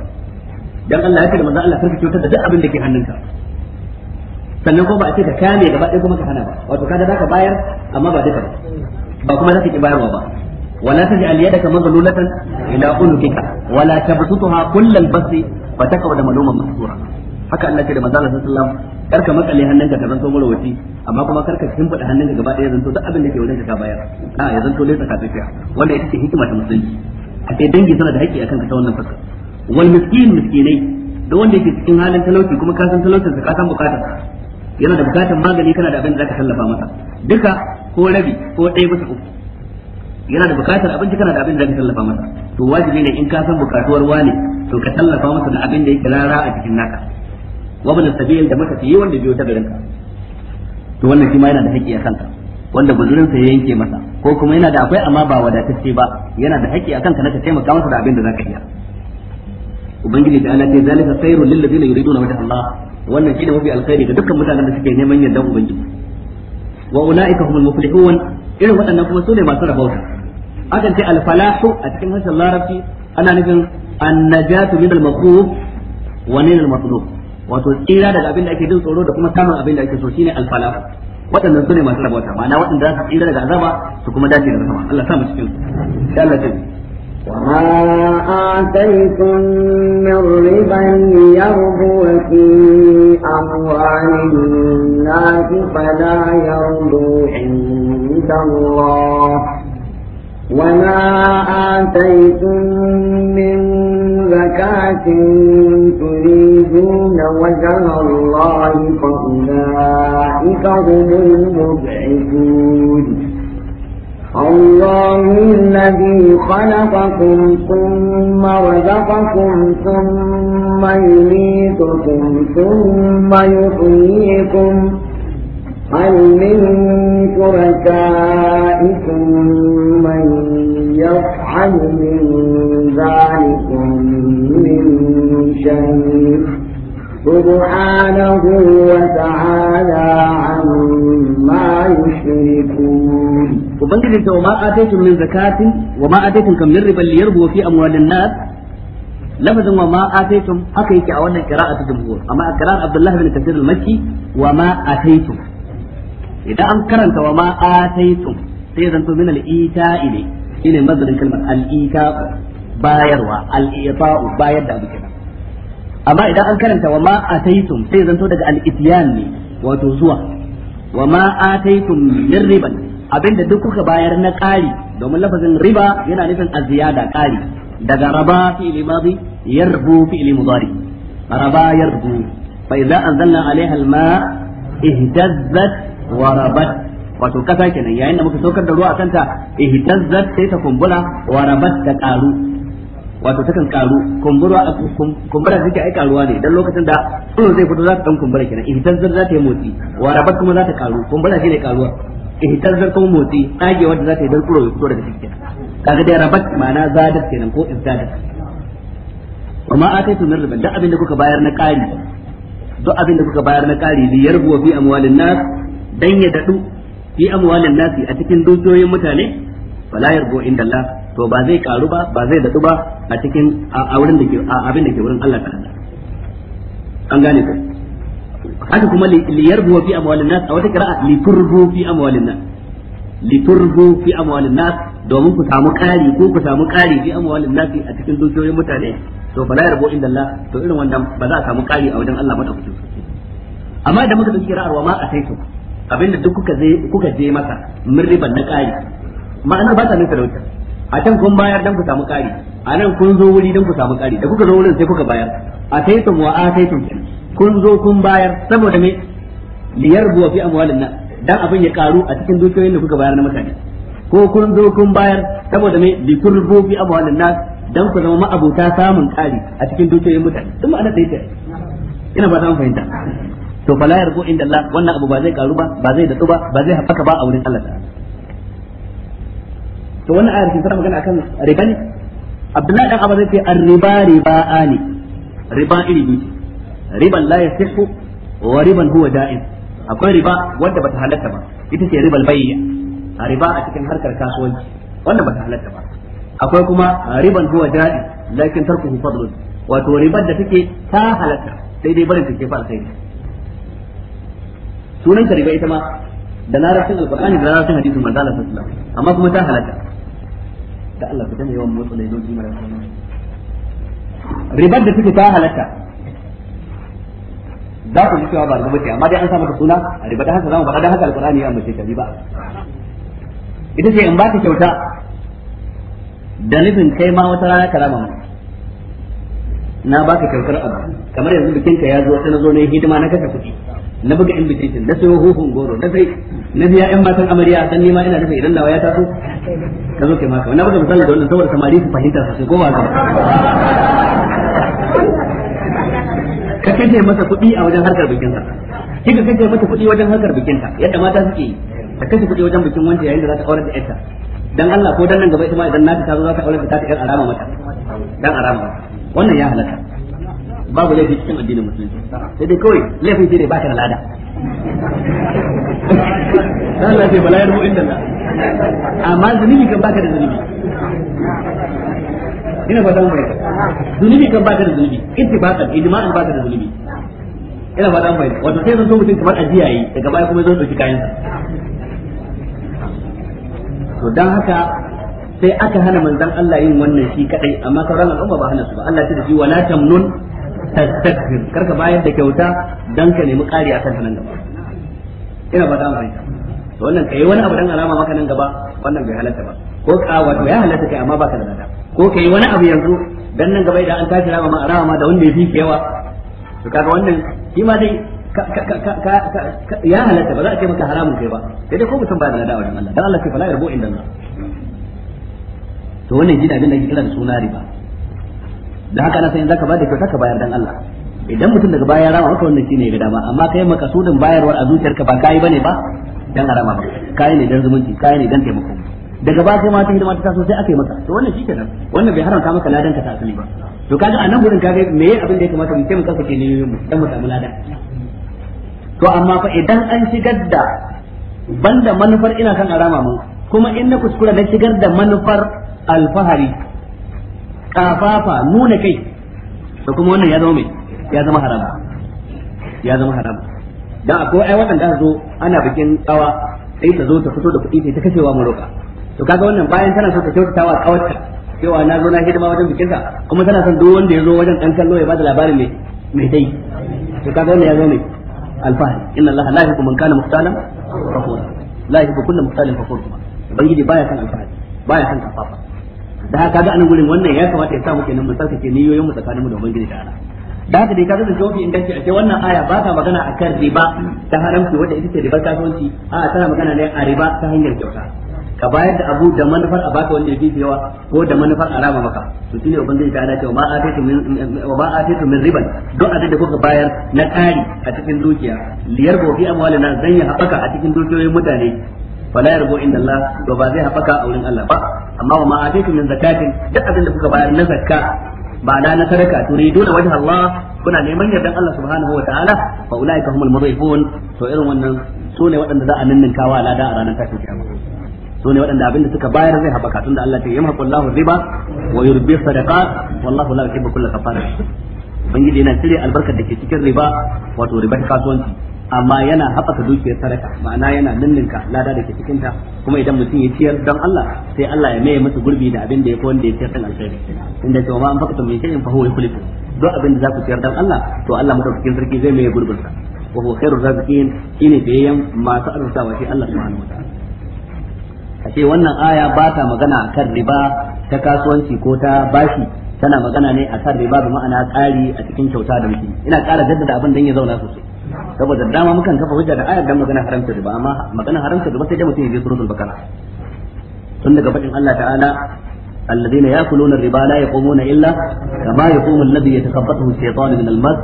dan Allah ya ce da manzo Allah sarki kyautar da duk abin da ke hannunka sannan ko ba a ce ka kame gaba ɗaya kuma ka hana ba wato ka da ka bayar amma ba duka ba ba kuma ka ki bayarwa ba ولا تجعل يدك مغلولة إلى عنقك ولا تبسطها كل البسط فتقعد ملوما محصورا haka Allah ce da manzo Allah sallallahu alaihi wasallam karka makale hannunka ka zanto marwaci amma kuma karka shimfida hannunka gaba ɗaya zanto duk abin da ke wajen ka bayar a ya zanto ne tsaka tsakiya wanda ita ce hikima ta musulunci a ce dangi suna da haƙƙi akan ka ta wannan fasa wal miskin miskinai da wanda yake cikin halin talauci kuma ka san talaucin ka san bukatar yana da bukatar magani kana da abin da zaka tallafa masa duka ko rabi ko ɗaya bisa uku yana da bukatar abinci kana da abin da zaka tallafa masa to wajibi ne in ka san bukatuwar wani to ka tallafa masa da abin da yake rara a cikin naka wa bin da da matafiyi wanda biyo ta garinka to wannan shi ma yana da haƙƙi a kanka wanda guzurin sa ya yanke masa ko kuma yana da akwai amma ba wadatacce ba yana da haƙƙi a kanka na ka taimaka masa da abin da zaka iya ubangiji ta Allah ya zalika khairul lil ladina yuriduna wajha Allah wannan shi shine mafi alkhairi ga dukkan mutanen da suke neman yardan ubangiji wa ulaika humul muflihun irin waɗannan kuma su ne masu rabauta akan ce al-falahu a cikin harshen larabci ana nufin an-najatu min al-makhuf wa min al-matlub wato tsira daga abin da ake jin tsoro da kuma samun abin da ake so shine al-falahu waɗannan sune masu rabota ma'ana waɗanda za su tsira daga azaba su kuma dace da rahama Allah sa mu cikin su sai Allah ya وما آتيتم من ربا ليربو في أموال الناس فلا يربو عند الله وما آتيتم من زكاة تريدون وجه الله فأولئك هم المبعدون الله الذي خلقكم ثم رزقكم ثم يميتكم ثم يحييكم هل من شركائكم من يفعل من ذلكم من شيء سبحانه وتعالى عما يشركون وبنجد انت وما اتيتم من زكاة وما اتيتم كم من ربا ليربو في اموال الناس lafazin wa ma ataitum haka yake a wannan qira'atu jumhur amma a qira'ar Abdullah bin Kathir al-Makki wa ma ataitum idan an karanta wa ma ataitum sai zan to min al-ita'i ne shine mazarin kalmar al-ita'u bayarwa al-ita'u bayar da abu kenan amma idan an karanta wa ma ataitum sai zan to daga al-ityan ne wato zuwa wa ma ataitum min riban abinda duk kuka bayar na ƙari domin lafazin riba yana nufin aziyada ƙari daga raba fi'li madi yarbu fi'li mudari raba yarbu fa idza anzalna alaiha al-ma ihtazzat warabat wato kasa kenan yayin da muka saukar da ruwa akan ta ihtazzat sai ta kumbura warabat ta karu wato takan karu kumbura kumbura take ai karuwa ne dan lokacin da tsoro zai fito za ta dan kumbura kenan ihtazzat za ta yi motsi warabat kuma za ta karu kumbura shine karuwa ihtazzat kuma motsi tsagewa wanda za ta yi dan tsoro ya fito daga cikin kaga da rabat ma'ana zadat kenan ko izdadat وما آتيتم من ربا duk abin da kuka bayar na ƙari duk abin da kuka bayar na ƙari li fi amwalin nas dan ya dadu fi amwalin nasi a cikin dukiyoyin mutane fala yarbu inda Allah to ba zai karu ba ba zai dadu ba a cikin a wurin da ke abin da ke wurin Allah ta'ala an gane ko haka kuma li yarbu fi amwalin nasi a wata qira'a li turbu fi amwalin nasi li turbu fi amwalin nasi domin ku samu kari ko ku samu kari fi amwalin nasi a cikin dukiyoyin mutane to fala yarbu inda Allah to irin wannan ba za a samu kari a wajen Allah madaukakin sarki amma idan muka dauki ra'ar wa ma ataitu abinda duk kuka je kuka je masa mun riban na kari ma'ana ba ta nan talauta a can kun bayar dan ku samu kari a nan kun zo wuri dan ku samu kari da kuka zo wurin sai kuka bayar a tun wa tun kun zo kun bayar saboda me liyar buwa fi amwalin nan dan abin ya karu a cikin dukiyoyin da kuka bayar na mutane ko kun zo kun bayar saboda me bi turbu fi amwalin nan dan ku zama ma'abuta samun kari a cikin dukiyoyin mutane duk ma'ana sai ina ba ta fahimta to la yarbu inda Allah wannan abu ba zai karu ba ba zai datsu ba ba zai haɓaka ba a wurin Allah ta'ala to wannan ayar kin tana magana akan riba ne Abdullahi dan Abba zai ce ar-riba riba'ani riba iri biyu riban la yasihu wa riban huwa da'im akwai riba wanda bata halatta ba ita ce ribal bayya a riba a cikin harkar kasuwanci wanda bata halatta ba akwai kuma riban huwa da'im lakin tarkuhu fadlun wato ribar da take ta halatta sai dai barin take fa alkhairi sunan ta riba ita ma da larabcin alqur'ani da larabcin hadisin manzo Allah sallallahu alaihi wasallam amma kuma ta halaka da Allah ku yawan motsa lailoji mara sanin ribar da take ta halaka za ku ji cewa ba ga mutane amma dai an sa mata suna riba da haka zamu faɗa da haka alqur'ani ya ambace ta riba ita ce in ba ta kyauta da nufin kai ma wata rana ka rama na baka kyautar abu kamar yanzu bikinka ya zo sai na zo na hidima na kashe kuɗi na buga invitation na sayo hufin goro na sai na biya yan matan amarya dan nima ina dafa idan dawa ya taso ka zo kai maka na buga misali da wannan saboda samari su fahimta sosai ko ba ka kaje masa kuɗi a wajen harkar bikinsa kika kaje masa kuɗi wajen harkar bikinta yadda mata suke yi ta kashe kuɗi wajen bikin wanda yayin da za ta aure da yarta dan Allah ko dan nan gaba ita ma idan naka ta zo za ta aure da ta yar arama mata dan arama wannan ya halaka babu laifi cikin addinin musulunci sai dai kawai laifin shi ne baka da lada dan Allah sai bala ya inda Allah amma zunubi kan baka da zunubi ina fata mu zunubi kan baka da zunubi ittifaqan ijma'an baka da zunubi ina fata mu wato sai zan so mutum kamar ajiya yi daga baya kuma so shi kayan sa to dan haka sai aka hana manzon Allah yin wannan shi kadai amma sauran al'umma ba hana su ba Allah ya ce da shi wala tamnun tastaghfir karka bayar da kyauta dan ka nemi kari akan ta nan gaba ina ba ta mai to wannan kai wani abu dan alama maka nan gaba wannan bai halatta ba ko ka wato ya halatta kai amma baka da nada ko kai wani abu yanzu dan nan gaba idan an tashi rama ma rama da wanda ya fi yawa to kaga wannan shi ma dai ya halatta ba za a ce maka haramun kai ba sai dai ko mutum ba da nada wajen Allah dan Allah sai fala yarbu inda Allah to wannan gida abin da ake kira da suna riba da haka na san zaka bada kyauta ka bayar dan Allah idan mutum daga baya rama maka wannan shine ga dama amma kai makasudin bayarwar a zuciyarka ba kai bane ba dan arama ba kai ne dan zumunci kai ne dan taimako daga ba kai ma ta hidima ta taso sai aka maka to wannan nan wannan bai haramta maka ladan ka ta asali ba to kaga anan gurin kaga meye abin da ya kamata mu taimaka ku ce ne mu dan mu samu ladan to amma fa idan an shigar da banda manufar ina kan arama mu kuma in na kuskura na shigar da manufar alfahari kafafa nuna kai to kuma wannan ya zama mai ya zama harama ya zama harama dan akwai ai da zo ana bikin tsawa sai ta zo ta fito da kuɗi sai ta kashewa maroka to kaga wannan bayan tana so ta kyautatawa tsawarta cewa na zo na hidima wajen bikin sa kuma tana son duk wanda ya zo wajen dan kallo ya bada labarin mai mai dai to kaga wannan ya zama mai alfahari inna allaha la yuhibbu man kana muhtalan fakhura la yuhibbu kullu muhtalin fakhur ubangiji baya san alfahari baya san kafafa da haka ga anan gurin wannan ya kamata ya samu kenan mu tsarkake niyoyin mu tsakanin mu da ubangiji Allah da haka dai kaga da jawabi in dace a ce wannan aya ba ta magana akan riba ta haramci wanda ita ce riba kasuwanci a tana magana ne a riba ta hanyar kyauta ka bayar da abu da manufar a baka wanda yake yawa ko da manufar a rama maka to shine ubangiji ta dace ma ataitu min wa ma ataitu min riban duk abin da kuka bayar na kari a cikin dukiya liyar gofi amwalina zan ya habaka a cikin dukiyoyin mutane fala yarbu inda Allah to ba zai habaka a wurin Allah ba amma wa ma atikum min zakatin duk abin da kuka bayar na zakka ma'ana na sadaka turiduna wajha Allah kuna neman yardan Allah subhanahu wa ta'ala fa ulaika humul mudhifun to irin wannan su ne waɗanda za a ninninka wa lada a ranar tashin kiyama su ne waɗanda abin da suka bayar zai habaka tunda Allah ta yamhaqu Allahu riba wa yurbi sadaqat wallahu la yuhibbu kulla kafara ubangiji yana cire albarkar da ke cikin riba wato ribar kasuwanci amma yana haɓaka dukiyar sadaka ma'ana yana ninninka lada da ke cikin ta kuma idan mutum ya ciyar don Allah sai Allah ya maye masa gurbi da abin da ya fi wanda ya ciyar dan alkhairi inda ce ma an fakata mai shay'in fahu huwa yukhlifu duk abin da za ku ciyar don Allah to Allah cikin sarki zai maye gurbin sa wa huwa khairur raziqin shine biyayyan masu arzutawa shi Allah subhanahu wataala kace wannan aya ba ta magana kan riba ta kasuwanci ko ta bashi tana magana ne akan riba da ma'ana tsari a cikin kyauta da mutum ina ƙara jaddada abin da ya zauna sosai saboda dama mukan kafa hujja da ayar dan magana haramta ba amma magana haramta ba sai da mutum ya je suratul bakara tun daga fadin Allah ta'ala الذين ياكلون الربا لا يقومون الا كما يقوم الذي يتخبطه الشيطان من المس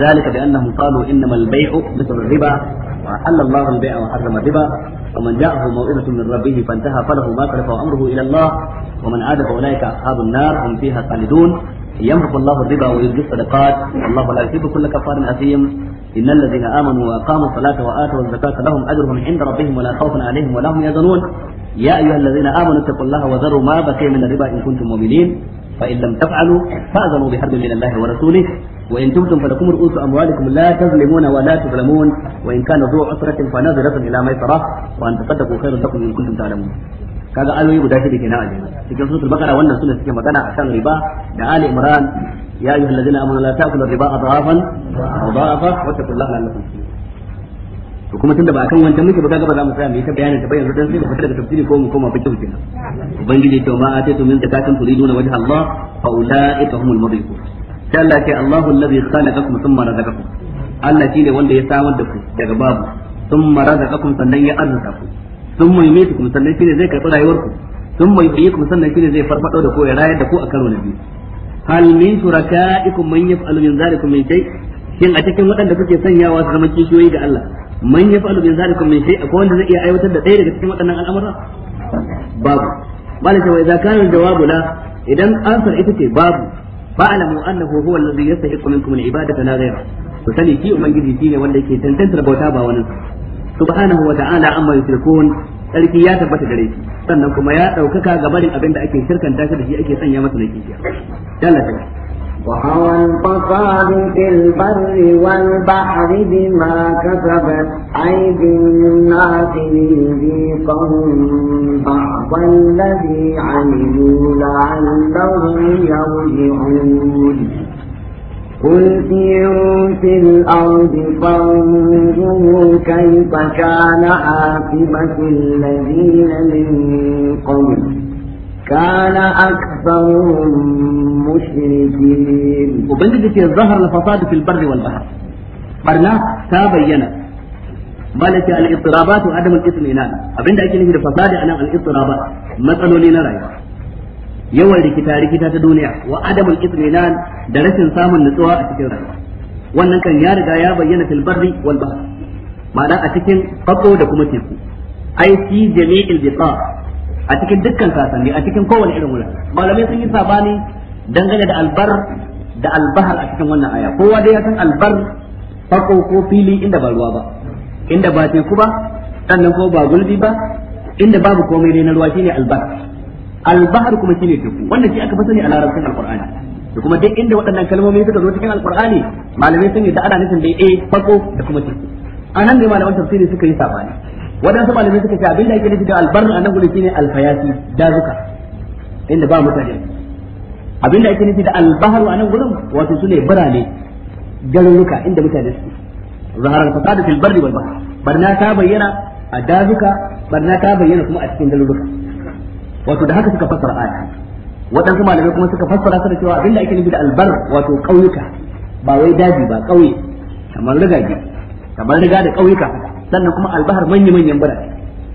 ذلك بانهم قالوا انما البيع مثل الربا وحل الله البيع وحرم الربا ومن جاءه موعظه من ربه فانتهى فله ما سلف وامره الى الله ومن عاد فاولئك اصحاب النار هم فيها خالدون يمحق الله الربا ويبدي الصدقات والله لا يحب كل كفار اثيم إن الذين آمنوا وأقاموا الصلاة وآتوا الزكاة لهم أجرهم عند ربهم ولا خوف عليهم ولا هم يزنون يا أيها الذين آمنوا اتقوا الله وذروا ما بقي من الربا إن كنتم مؤمنين فإن لم تفعلوا فأذنوا بحرب من الله ورسوله وإن تبتم فلكم رؤوس أموالكم لا تظلمون ولا تظلمون وإن كان ذو عسرة فنظرة إلى ميسرة وأن تصدقوا خير لكم إن كنتم تعلمون kaga ayoyi guda shida kenan a jami'a cikin suratul baqara wannan suna suke magana akan riba da ali imran ya ayyuhal ladina amanu la ta'kulu riba adhafan adhafa wattaqullaha la'allakum to kuma tunda ba akan wancan muke ba kaga ba za mu tsaya mu yi ta bayanin ta bayan dan sai mu fita daga tafsiri ko mu koma fiqh kenan ubangiji to ma ataytum min zakatin turiduna wajha Allah fa ulaika humul mudhiqun sai Allah ce Allahu alladhi khalaqakum thumma razaqakum Allah shine wanda ya samar da ku daga babu thumma razaqakum sannan ya arzuta ku sun mai mai kuma sannan shine zai karɓi rayuwarku sun mai fiye kuma sannan shine zai farfaɗo da ko ya rayar da ko a karo na biyu hal min shuraka'ikum man yaf'alu min zalikum min shay shin a cikin waɗanda kuke sanyawa su zama kishiyoyi ga Allah man yaf'alu min zalikum min shay akwai wanda zai iya aiwatar da ɗaya daga cikin waɗannan al'amura babu malaka wa idza kana jawabu la idan ansar ita ce babu fa'alamu annahu huwa alladhi yastahiqu minkum al-ibadata la ghayra to sani shi ubangiji shine wanda yake tantantar bauta ba wani subhanahu wa ta'ala amma yushrikun sarki ya tabbata gare shi sannan kuma ya daukaka ga barin abin da ake shirkanta shi da shi ake sanya masa na kishiya Allah ta وهوى الفساد في البر والبحر بما كسبت أيدي الناس ليذيقهم بعض الذي عملوا لعلهم يرجعون قل سيروا في الأرض فانظروا كيف كان عاقبة الذين من قبل كان أكثرهم مشركين وبنجد في الظهر الفساد في البر والبحر برنا تابينا مالك الاضطرابات وعدم الاطمئنان أبين دا أكي نجد فساد أنا الاضطرابات مسألة لنا رأيها yawan rikita rikita ta duniya wa adamul itminan da rashin samun nutsuwa a cikin rayuwa wannan kan ya riga ya bayyana fil barri wal bahr ma'ana a cikin fako da kuma teku ai fi jami'il bita a cikin dukkan sasanni a cikin kowane irin wurin malamai sun yi sabani dangane da albar da albahar a cikin wannan aya kowa dai ya san albar fako ko fili inda ba ruwa ba inda ba teku ba sannan ko ba gulbi ba inda babu komai dai na ruwa shine albar al-bahr kuma shine teku wannan shi aka fasani a larabcin alqur'ani da kuma duk inda waɗannan kalmomi suka zo cikin alqur'ani malamai sun yi da ana nufin dai eh farko da kuma teku anan ne malaman tafsiri suka yi sabani waɗansu malamai suka ce abin da ake nufi da albar a nan gudu shine alfayasi dazuka inda ba mutane abin da ake nufi da albaharu a nan gudun wato su ne birane garuruka inda mutane suke zaharar fasada fil barri wal bahr barna ta bayyana a dazuka barna ta bayyana kuma a cikin garuruka wato da haka suka fassara aya waɗansu malamai kuma suka fassara su da cewa abinda ake nufi da albar wato ƙauyuka ba wai daji ba ƙauye kamar rigage kamar riga da ƙauyuka sannan kuma albahar manya-manyan birane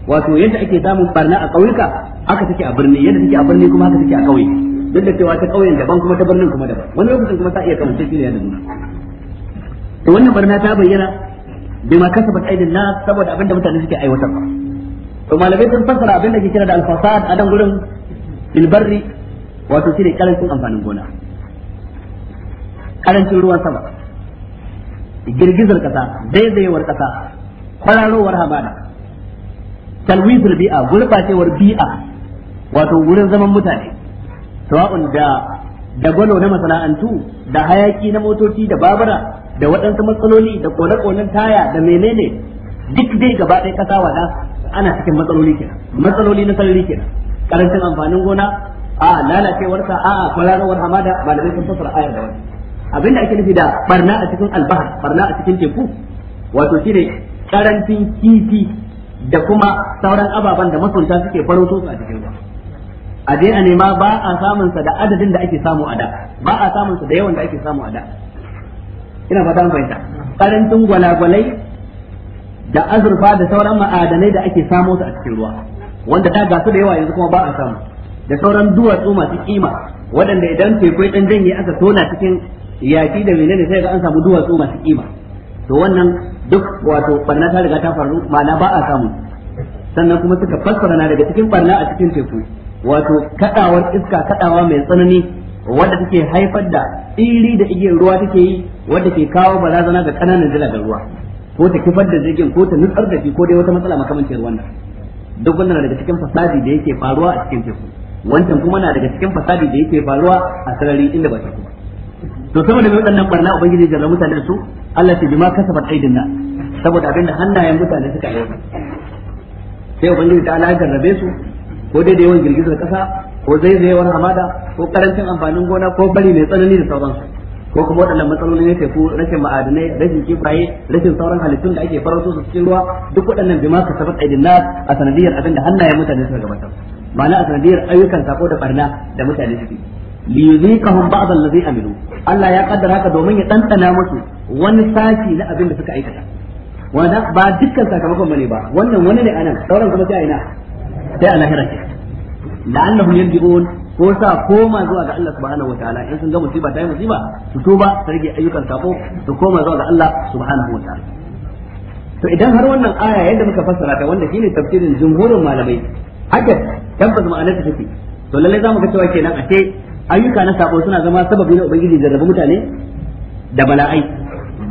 wato yadda ake samun barna a ƙauyuka aka take a birni yadda take a birni kuma aka take a ƙauye duk da cewa ta ƙauyen daban kuma ta birnin kuma daban wani lokacin kuma ta iya kamance shi ne da nuna to wannan barna ta bayyana bima kasabat aidin nas saboda abinda mutane suke aiwatarwa to malamai sun fassara abin da ke kira da alfasad a dan gurin Bilbarri, wato shine karancin amfanin gona karancin ruwan sama girgizar kasa zaizayewar kasa kwararowar hamada talwizul bi'a gurbacewar bi'a wato wurin zaman mutane sawa'un da da gwalo na masana'antu da hayaki na motoci da babura da waɗansu matsaloli da kone-konen taya da menene duk dai gaba ɗaya kasa wada ana cikin matsaloli kenan matsaloli na sarari kenan karancin amfanin gona a lalacewarsa a kwararowar hamada malamai sun fasara ayar da wani abinda ake nufi da barna a cikin albahar barna a cikin teku wato shine karancin kifi da kuma sauran ababen da masunta suke faro su a cikin ruwa a je a nema ba a samun sa da adadin da ake samu a da ba a samun sa da yawan da ake samu a da ina fata an fahimta karancin gwalagwalai da azurfa da sauran ma'adanai da ake samu su a cikin ruwa wanda ta gasu da yawa yanzu kuma ba a samu da sauran duwatsu masu kima waɗanda idan teku ɗan janye aka tona cikin yaki da menene sai ga an samu duwatsu masu kima to wannan duk wato barna ta riga ta faru ma'ana ba a samu sannan kuma suka fassara na daga cikin barna a cikin teku wato kadawar iska kaɗawa mai tsanani wadda take haifar da tsiri da igiyar ruwa take yi wadda ke kawo barazana ga kananan jiragen ruwa ko ta kifar da jirgin ko ta nutsar da shi ko dai wata matsala makamancin wannan duk wannan daga cikin fasadi da yake faruwa a cikin teku wancan kuma na daga cikin fasadi da yake faruwa a sarari inda ba ta kuma to saboda mai waɗannan barna ubangiji ya jarra mutanen su Allah ya bima kasabat aidin na saboda abinda hannayen mutane suka yi sai ubangiji ta Allah ya jarrabe su ko dai da yawan girgizar kasa ko zaizayewar hamada ko karancin amfanin gona ko bari mai tsanani da sauransu ko kuma waɗannan matsaloli ne teku rashin ma'adanai rashin kifaye rashin sauran halittun da ake farauto su cikin ruwa duk waɗannan bima ka sabat aidin nas a sanadiyar abin da hannayen mutane suka gabatar ma'ana a sanadiyar ayyukan sako da barna da mutane suke li yuzikahum ba'd allazi amilu Allah ya kaddara haka domin ya dantsana musu wani sashi na abin da suka aikata wanda ba dukkan sakamakon bane ba wannan wani ne anan sauran kuma sai a ina sai a lahira ce la'annahum yanji'un ko sa koma zuwa ga Allah subhanahu wataala in sun ga musiba ta yi musiba su tuba su rage ayyukan sako su koma zuwa ga Allah subhanahu wataala to idan har wannan aya yadda muka fassara ta wanda shine tafsirin jumhurin malamai haka tabbas ma'anar ta take to lalle zamu ga cewa kenan ce ayyuka na sako suna zama sababi na ubangiji da rabu mutane da bala'ai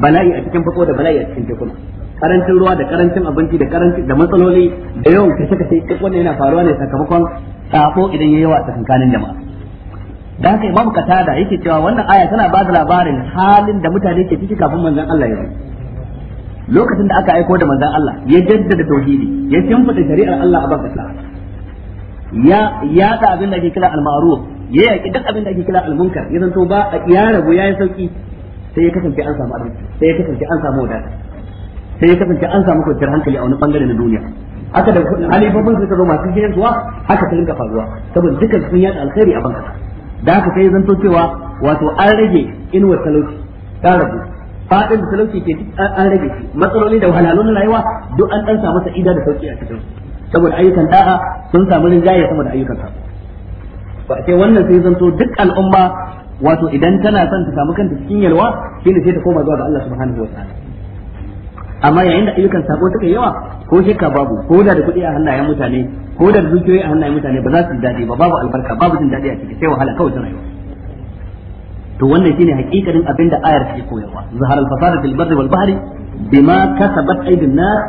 bala'i a cikin fako da bala'i a cikin tekuna karancin ruwa da karancin abinci da karancin da matsaloli da yawan kashe kashe duk wanda yana faruwa ne sakamakon sabo idan yayi wa tsakankanin jama'a da haka imam katada yake cewa wannan aya tana ba da labarin halin da mutane ke ciki kafin manzon Allah ya zo lokacin da aka aiko da manzon Allah ya jaddada tauhidi ya shimfida shari'ar Allah a bakkasa ya ya da abin da ake kira al-ma'ruf ya yaki duk abin da ake kira al-munkar ya zanto ba ya rabu ya yi sauki sai ya kasance an samu arziki sai ya kasance an samu wadata sai ya kasance an samu kwanciyar hankali a wani bangare na duniya haka da halifofin suka zo masu gidan kuwa haka ta rinka faruwa saboda dukkan sun yada alkhairi a banka da haka sai zanto cewa wato an rage inuwar talauci ta rabu fadin da talauci ke an rage shi matsaloli da wahalhalun rayuwa duk an dan samu sa'ida da sauki a cikin saboda ayyukan da'a sun samu rinjaye sama da ayyukan sa ba sai wannan sai zanto duk al'umma wato idan tana son ta samu kanta cikin yalwa shine sai ta koma zuwa ga Allah subhanahu wa ta'ala amma yayin da ayyukan sako suka yawa ko shakka babu ko da da kuɗi a hannayen mutane ko da da dukiyoyi a hannayen mutane ba za su ji daɗi ba babu albarka babu jin daɗi a ciki sai wahala kawai ta rayuwa to wannan shine hakikarin abin da ayar take koyarwa zahar al-fasad fil barri wal bahri bima kasabat aydin nas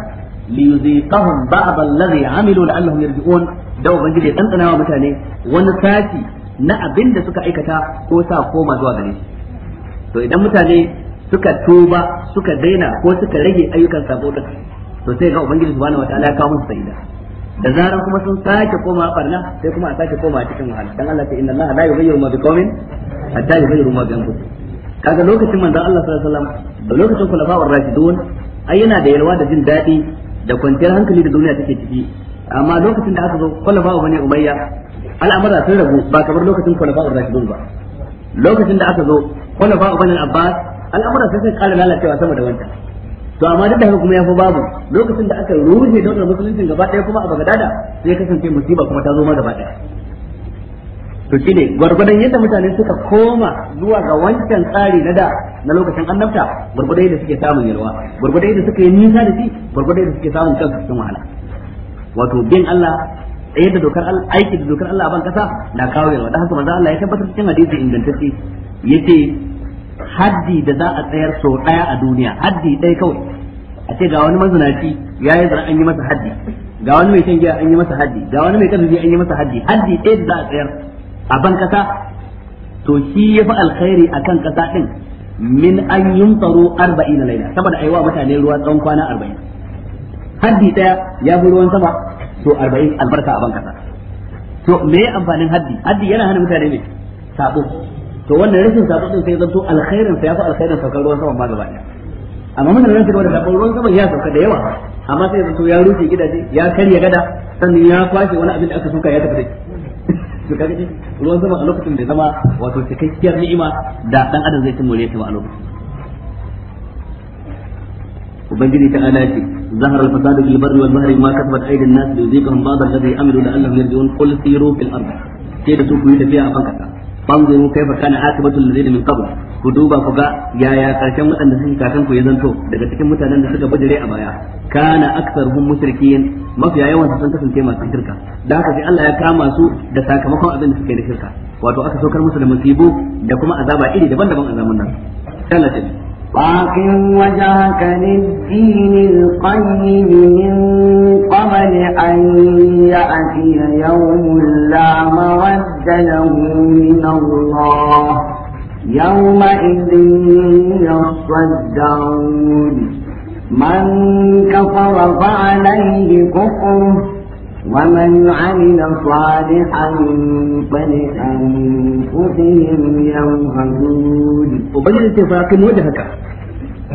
liyuziqahum ba'd alladhi amilu la'allahum yarji'un da ubangiji dan tsanawa mutane wani sati na abin da suka aikata ko sa koma zuwa gare shi to idan mutane suka tuba suka daina ko suka rage ayyukan sabo din to sai ga ubangiji subhanahu wataala ya kawo musu sa'ida da zaran kuma sun sake koma barna sai kuma a sake koma cikin wahala dan Allah ta inna Allah la yughayyiru ma biqaumin hatta yughayyiru ma bi anfusihim kaga lokacin manzon Allah sallallahu alaihi wasallam da lokacin khulafa'ur rashidun ai yana da yalwa da jin daɗi da kwanciyar hankali da duniya take ciki amma lokacin da aka zo khulafa'u bani umayya al'amura sun rabu ba kamar lokacin khulafa'ur rashidun ba lokacin da aka zo khulafa'u bani abbas al'amuran sai suka ƙara lalacewa sama da wancan to amma duk da haka kuma ya fi babu lokacin da aka ruje daular musulunci gaba ɗaya kuma a bagadada sai kasance musiba kuma ta zo ma gaba ɗaya to shine gwargwadon yadda mutane suka koma zuwa ga wancan tsari na da na lokacin annabta gwargwadon yadda suke samun yalwa gwargwadon yadda suka yi nisa da shi gwargwadon yadda suke samun kansu cikin wahala wato bin Allah tsaye da dokar Allah aiki da dokar Allah a ban kasa na kawo yalwa da haka manzo Allah ya tabbatar cikin hadisi ingantacce yace haddi da za a tsayar sau ɗaya a duniya haddi ɗaya kawai a ce ga wani mazinaci ya yi zara an yi masa haddi ga wani mai shan giya an yi masa haddi ga wani mai karfi an yi masa haddi haddi ɗaya da za a tsayar a ban kasa to shi ya fi alkhairi a kan kasa ɗin min an arba'i na laila saboda wa mutane ruwa tsawon kwana arba'in haddi ɗaya ya fi ruwan sama to arba'in albarka a ban kasa to me amfanin haddi haddi yana hana mutane ne sabo to wannan rashin sabo din sai zanto alkhairin sa yafi alkhairin saukar ruwan sama ma gaba daya amma mun nan cigaba da sabon ruwan sama ya sauka da yawa amma sai zanto ya rushe gidaje ya karya gada sannan ya kwashe wani abin da aka suka ya tafi su ka ne ruwan sama a lokacin da zama wato cikakkiyar ni'ima da dan adam zai cimma ta a lokacin ubangiji ta ala ce ظهر الفساد في البر والبحر ما كسبت ايدي الناس ليذيقهم بعض الذي عملوا لعلهم يرجعون قل سيروا في الارض كيف tafiya a فانكسر banzuru kaifa kana akibatul ladina min ku duba ku ga yaya karshen waɗanda suke ku ya zanto daga cikin mutanen da suka a baya kana aktsaruhum mushrikin mafiya yawan sun kasance masu shirka dan haka sai Allah ya kama su da sakamakon abin da suke da shirka wato aka saukar musu da musibu da kuma azaba iri nan فاقم وجهك للدين القيم من قبل أن يأتي يوم لا مرد له من الله يومئذ يصدعون من كفر فعليه كفره ومن عمل صالحا فلأنفسهم وجهك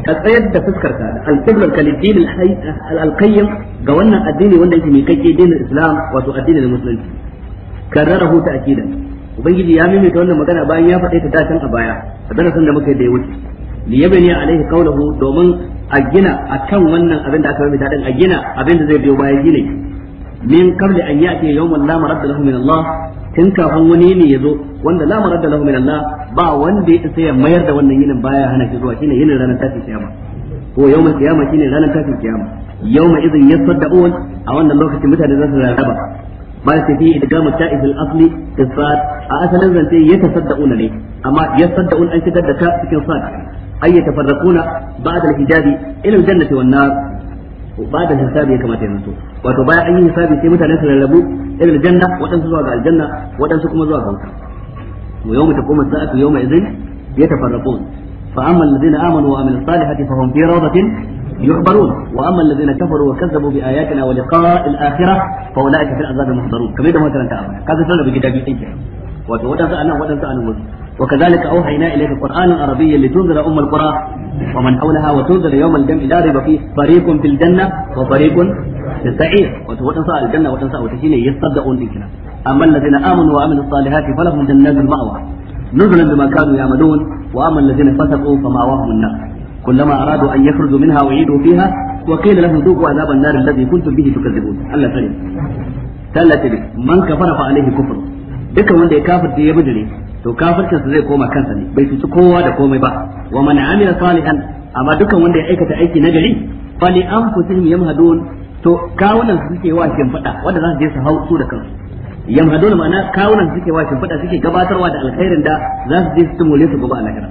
da fuskarka da alkiblar ga wannan addini wanda yake mai kake dinin islam wato addinin musulunci karrara huta akidan ubangiji ya mimita wannan magana bayan ya faɗe ta datan a baya a darasin da muka yi da ya wuce domin gina da a gina da zai biyo baya min qabli an ya'ti yawmun la maradda lahu min Allah tun kafin wani ne ya zo wanda la maradda lahu min Allah ba wanda ya sai ya mayar da wannan yinin baya hana shi zuwa shine yinin ranar tashin kiyama ko yawmul kiyama shine ranar tashin kiyama yawma idhin yasaddaqun a wannan lokacin mutane za su rarraba ba ta fi idgamu ta al-asli fi sad a asalin zance ya tasaddaquna ne amma yasaddaqun an shigar da ta cikin sad ay yatafarraquna ba'da al-hijabi ila al-jannati wan nar ba da hisabi ya kamata ya zanto wato bayan an yi hisabi sai mutane su rarrabu irin janna waɗansu zuwa ga aljanna waɗansu kuma zuwa ga wuta wa yawma taqumu sa'atu yawma idhin yatafarraqun fa amma alladhina amanu wa amilus salihati fa hum fi rawdatin yuhbarun wa amma alladhina kafaru wa kazzabu bi ayatina wa liqa'il akhirah fa ulaika fil azabi muhdarun kamar yadda karanta a kaga sun rabu gida biyu ɗin kenan wato wadansu anan wadansu anan wasu وكذلك أوحينا إليك قرآنا عربيا لتنذر أم القرى ومن حولها وتنذر يوم الجمع لا ريب فيه فريق في الجنة وفريق في السعير وتنسى الجنة وتنسى وتشين يصدقون ذكرا أما الذين آمنوا وعملوا الصالحات فلهم جنات المأوى نزلا بما كانوا يعملون وأما الذين فسقوا فمأواهم النار كلما أرادوا أن يخرجوا منها أعيدوا فيها وقيل لهم ذوقوا عذاب النار الذي كنتم به تكذبون الله سليم ثلاثة من كفر فعليه كفر dukkan wanda ya da ya bidire to kafircin sa zai koma kansa ne bai cuci kowa da komai ba wa man amila salihan amma dukkan wanda ya aikata aiki nagari fa li anfusihim yamhadun to kawunan su suke wa shin fada wanda za su je su hau su da kansu yamhadun ma'ana kawunan su suke wa shin fada suke gabatarwa da alkhairin da za su je su tumule su gobe a lahira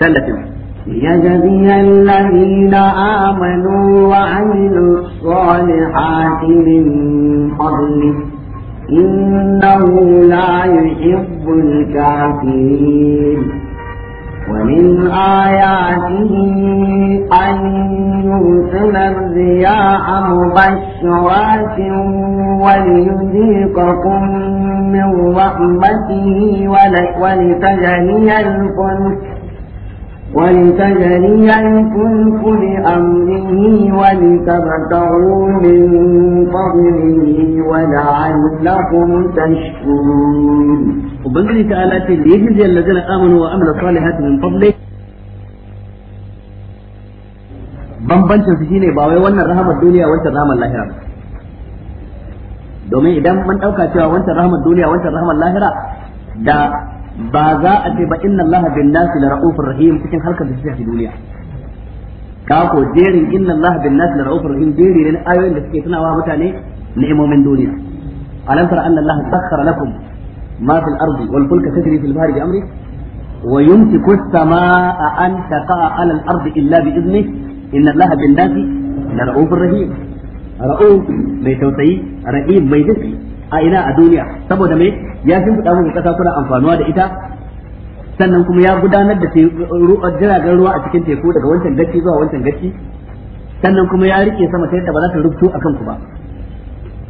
tallafin ليجزي الذين آمنوا وعملوا الصالحات من فضله إنه لا يحب الكافرين ومن آياته أن يرسل الرياح مبشرات وليذيقكم من رحمته ولتجني الفلك ولتجري الفلك بأمره ولتبتغوا من فضله ولعلكم تشكرون وبنجلي تعالى ليجزي الذين آمنوا وعملوا الصالحات من فضله bambancin su shine ba wai wannan rahamar duniya wancan rahamar lahira domin idan mun dauka cewa wancan rahamar duniya wancan rahamar lahira da ba za a ce ba inna allaha bin nasi la ra'ufur rahim cikin harkar da take duniya ka ko jerin inna allaha bin nasi la ra'ufur rahim jeri ne ayoyin da suke tunawa mutane ni'imomin duniya alam tara anna allaha sakhara lakum ma fil ardi wal fulka tajri fil bahri bi amri wa yumsiku as-samaa'a an taqa'a 'ala al-ardi illa bi idnihi inna allaha bin nasi la ra'ufur rahim ra'uf mai tausayi ra'im mai dafi a ina a duniya saboda me ya shimfiɗa muku kasa kuna amfanuwa da ita sannan kuma ya gudanar da jiragen ruwa a cikin teku daga wancan gaci zuwa wancan gaci sannan kuma ya rike sama sai da ba za ta rubutu akan ku ba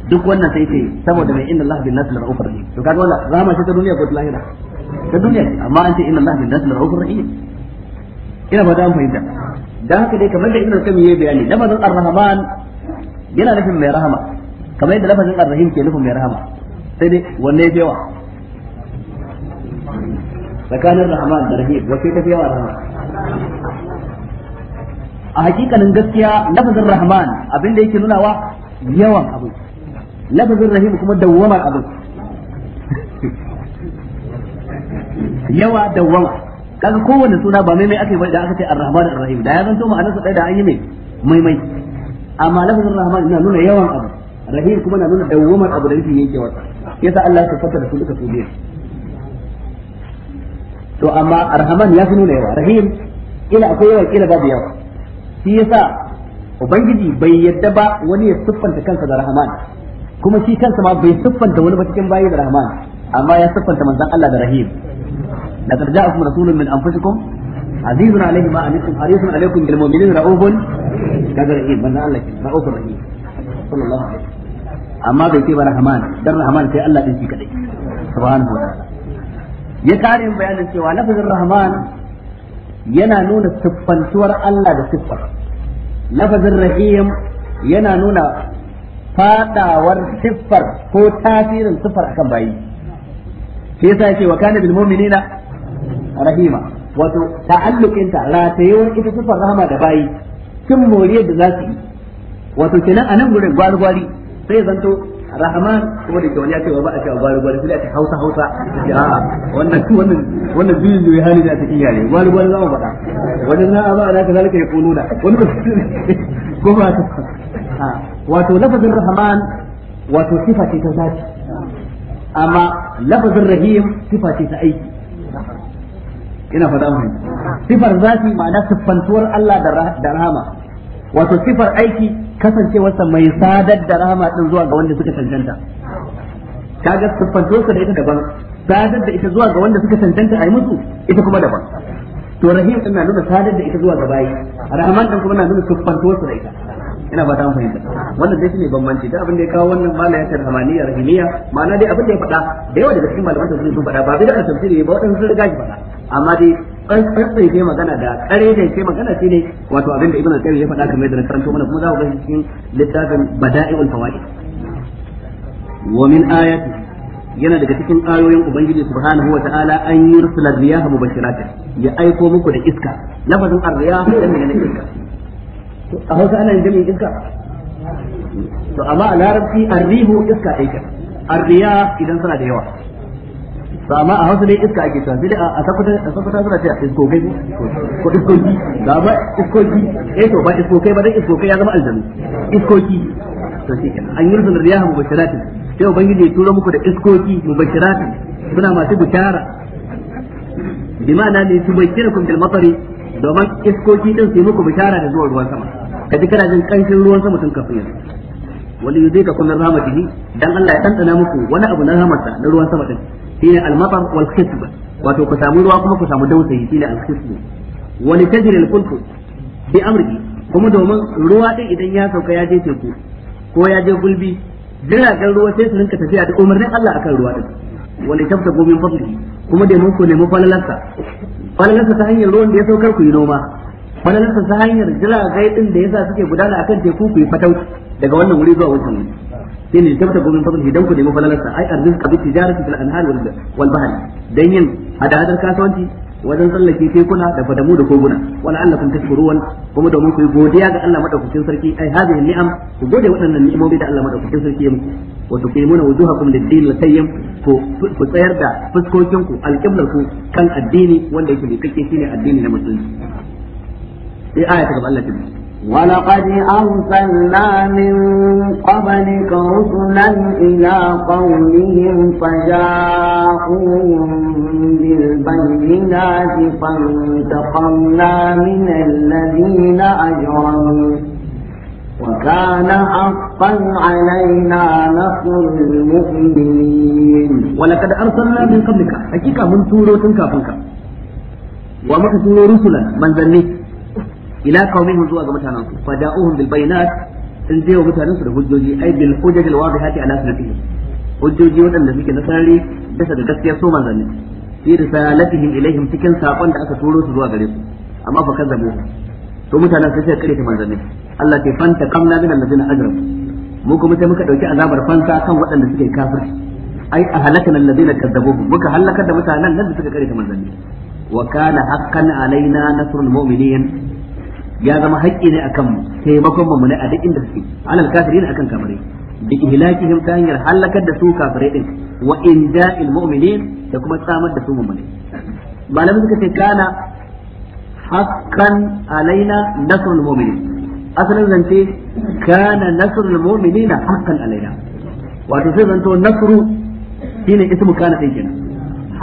duk wannan sai ce saboda mai inna Allah bin nas la rahufur rahim to kaga wannan rahama ce ta duniya ko ta lahira ta duniya amma an ce inna Allah bin nas la rahufur rahim ina ba da an fahimta dan haka dai kamar da ibnu kayyim yayi bayani lafazin ar-rahman yana nufin mai rahama kamar yadda lafazin arrahim ke nufin mai rahama sai dai wanne ya yawa tsakanin rahaman da rahim wace ta yawa rahama a hakikanin gaskiya lafazin rahman abin da yake nunawa yawan abu lafazin rahim kuma dawwamar abu <laughs> yawa dawwama kaga kowanne suna ba mai mai ake bai da aka ce arrahman arrahim rahim da ya zanto ma'anarsa ɗaya da an yi mai mai amma lafazin rahman ina nuna yawan abu rahim kuma na nuna dawwamar abu da yake yake wata yasa Allah ya tabbata da su duka su biyu to amma arhaman ya fi nuna yawa rahim ila akwai yawa kila babu yawa shi yasa ubangiji bai yadda ba wani ya siffanta kansa da rahman kuma shi kansa ma bai siffanta wani ba cikin bayi da rahman amma ya siffanta manzon Allah da rahim laqad ja'akum rasulun min anfusikum azizun alayhi ma anittum harisun alaykum bil mu'minina ra'ufun kaga rahim manzon Allah ra'ufur rahim sallallahu alaihi amma bai ce ba rahman dan rahman sai Allah din shi kadai subhanahu wa ta'ala ya karin bayanin cewa lafazin rahman yana nuna siffantuwar Allah da siffar lafazin rahim yana nuna fadawar siffar ko tasirin siffar akan bayi sai yasa yake wa kana bil mu'minina rahima wato ta'alluqinta ratayewar ita siffar rahama da bayi cin moriyar da za su yi wato kenan a nan gurin gwari-gwari sai zanto rahman kuma da wani ya ce wa ba a ce gwari gwari sai ce hausa hausa ya wannan wannan wannan biyun ne hali da cikin yare gwari gwari za mu faɗa wajen na ba ana kazalika ya kuluna wani ko ba ta wato lafazin rahman wato sifa ce ta zati amma lafazin rahim sifa ce ta aiki ina faɗa mu sifar zati ma'ana siffantuwar Allah da rahama wato sifar aiki kasancewarsa mai sadar da rahama din zuwa ga wanda suka tantanta kaga siffantuwarsa da ita daban sadar da ita zuwa ga wanda suka tantanta ai musu ita kuma daban to rahim din na nuna sadar da ita zuwa ga bayi rahman din kuma na nuna siffantuwarsa da ita ina ba ta fahimta wannan dai shine bambanci da abin da ya kawo wannan malaya ya rahmaniya rahimiya ma'ana dai abin da ya faɗa da yawa daga cikin malaman tafsiri sun faɗa ba da tafsiri ba waɗansu sun riga shi faɗa amma dai tsatsai sai magana da kare da sai magana sai wato abin da ibnu ya faɗa kamar yadda karanto mana kuma za ga cikin littafin bada'i'ul fawaid wa min ayati yana daga cikin ayoyin ubangiji subhanahu wa ta'ala an yursila riyaha mubashiratan ya aiko muku da iska lafazin ar-riyah da ne na iska a hausa ana yin jami'in iska to amma a larabci ar-rihu iska aikan ar-riyah idan suna da yawa Sama amma a hausa ne iska ake cewa sai dai a sakwata suna ce iskokai ko iskoki da ba iskoki eh to ba iskokai ba don iskokai ya zama aljanu iskoki to shi kenan an yurzu da riyaha mubashiratin sai ubangiji ya tura muku da iskoki mubashiratin suna masu bishara bi ma'ana ne kira kuma matari domin iskoki din su yi muku bishara da zuwa ruwan sama kaji kana jin kanshin ruwan sama tun kafin yanzu wani yuzi ka kuma rahmatihi dan Allah ya tantana muku wani abu na rahama na ruwan sama din shine al-matar wal khisb wato ku samu ruwa kuma ku samu dausayi shine al-khisb wa tajri al-fulku bi amri kuma domin ruwa din idan ya sauka ya je teku ko ya je gulbi kan ruwa sai su rinka tafiya da umarnin Allah akan ruwa din wa litabtagu min fadlihi kuma mun ku nemi falalarsa falalarsa ta hanyar ruwan da ya saukar ku yi noma falalarsa ta hanyar jira din da yasa suke gudana akan teku ku yi fatauci daga wannan wuri zuwa wancan wuri sai ne tabta gomin fadl hidan ku nemi falalarsa ai arziki bi tijarati fil anhar wal wal bahr dan yin hada-hadar kasuwanci wajen tsallake tekuna da fadamu da koguna wala allakum tashkurun kuma domin ku yi godiya ga Allah madaukakin sarki ai hadhihi ni'am ku gode waɗannan ni'imomi da Allah madaukakin sarki ya muku wa tuqimuna wujuhakum lid-din al-qayyim ku ku tsayar da fuskokin ku al kan addini wanda yake bi kake shine addini na musulunci sai aya ta gaba Allah ta ولقد أرسلنا من قبلك رسلا إلى قومهم فجاءوهم بالبينات فانتقمنا من الذين أجرموا وكان حقا علينا نصر المؤمنين ولقد أرسلنا من قبلك حقيقة من سورة كافنك ومكسور رسلا من ذنبك ila qaumihim zuwa ga mutanen su fa da'uhum bil bayinat sun je wa mutanen da hujjoji ai bil hujjati al wadihati ala sunnatihi hujjoji waɗanda suke na sarari bisa ga gaskiya so manzanni fi risalatihim ilaihim cikin sakon da aka turo su zuwa gare su amma fa kazzabu to mutanen su sai kare ta manzanni Allah ta fanta kamna min alladhina ajramu mu kuma sai muka dauki azabar fanta kan waɗanda suke kafirci ai a halakana alladhina kazzabu muka halakar da mutanen nan da suka kare ta manzanni wa kana haqqan alaina nasrul mu'minin ya zama haƙƙi ne akan taimakon mu ne a duk inda suke alal kafirin akan kafirai bi ihlakihim ta hanyar halakar da su kafirai din wa inda'il mu'minin da kuma tsamar da su mu'mini malamin suka ce kana haqqan alaina nasrul mu'minin asalin zance kana nasrul mu'minina haqqan alaina wato sai zanto nasru shine ismu kana din kenan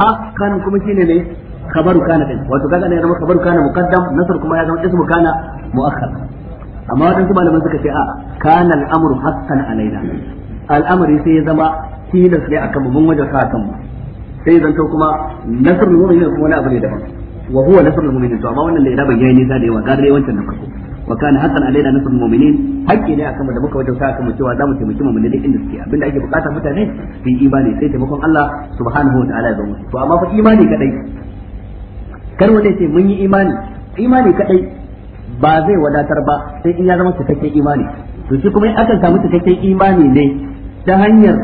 haqqan kuma shine ne khabaru kana din wato kaga ne zama khabaru kana muqaddam nasr kuma ya zama ismu kana muakhar amma wadansu malaman suka ce a kana al'amru haqqan alaina al'amari sai ya zama tilas ne akan mu mun wajen sa kanmu sai zanto kuma nasrul mu'minin kuma wani abu ne daban wa huwa nasrul ne to amma wannan da iraban yayi nisa da yawa ga dai wancan na farko wa kana haqqan alaina nasrul mu'minin hakki ne akan mu da muka wajen sa kanmu cewa mu taimaki mu ne inda suke abinda ake bukata mutane su yi imani sai taimakon Allah subhanahu wa ta'ala ya zo musu to amma fa imani kadai kar wani ce mun yi imani imani kadai ba zai wadatar ba sai in ya zama cikakken imani to shi kuma in akan samu cikakken imani ne ta hanyar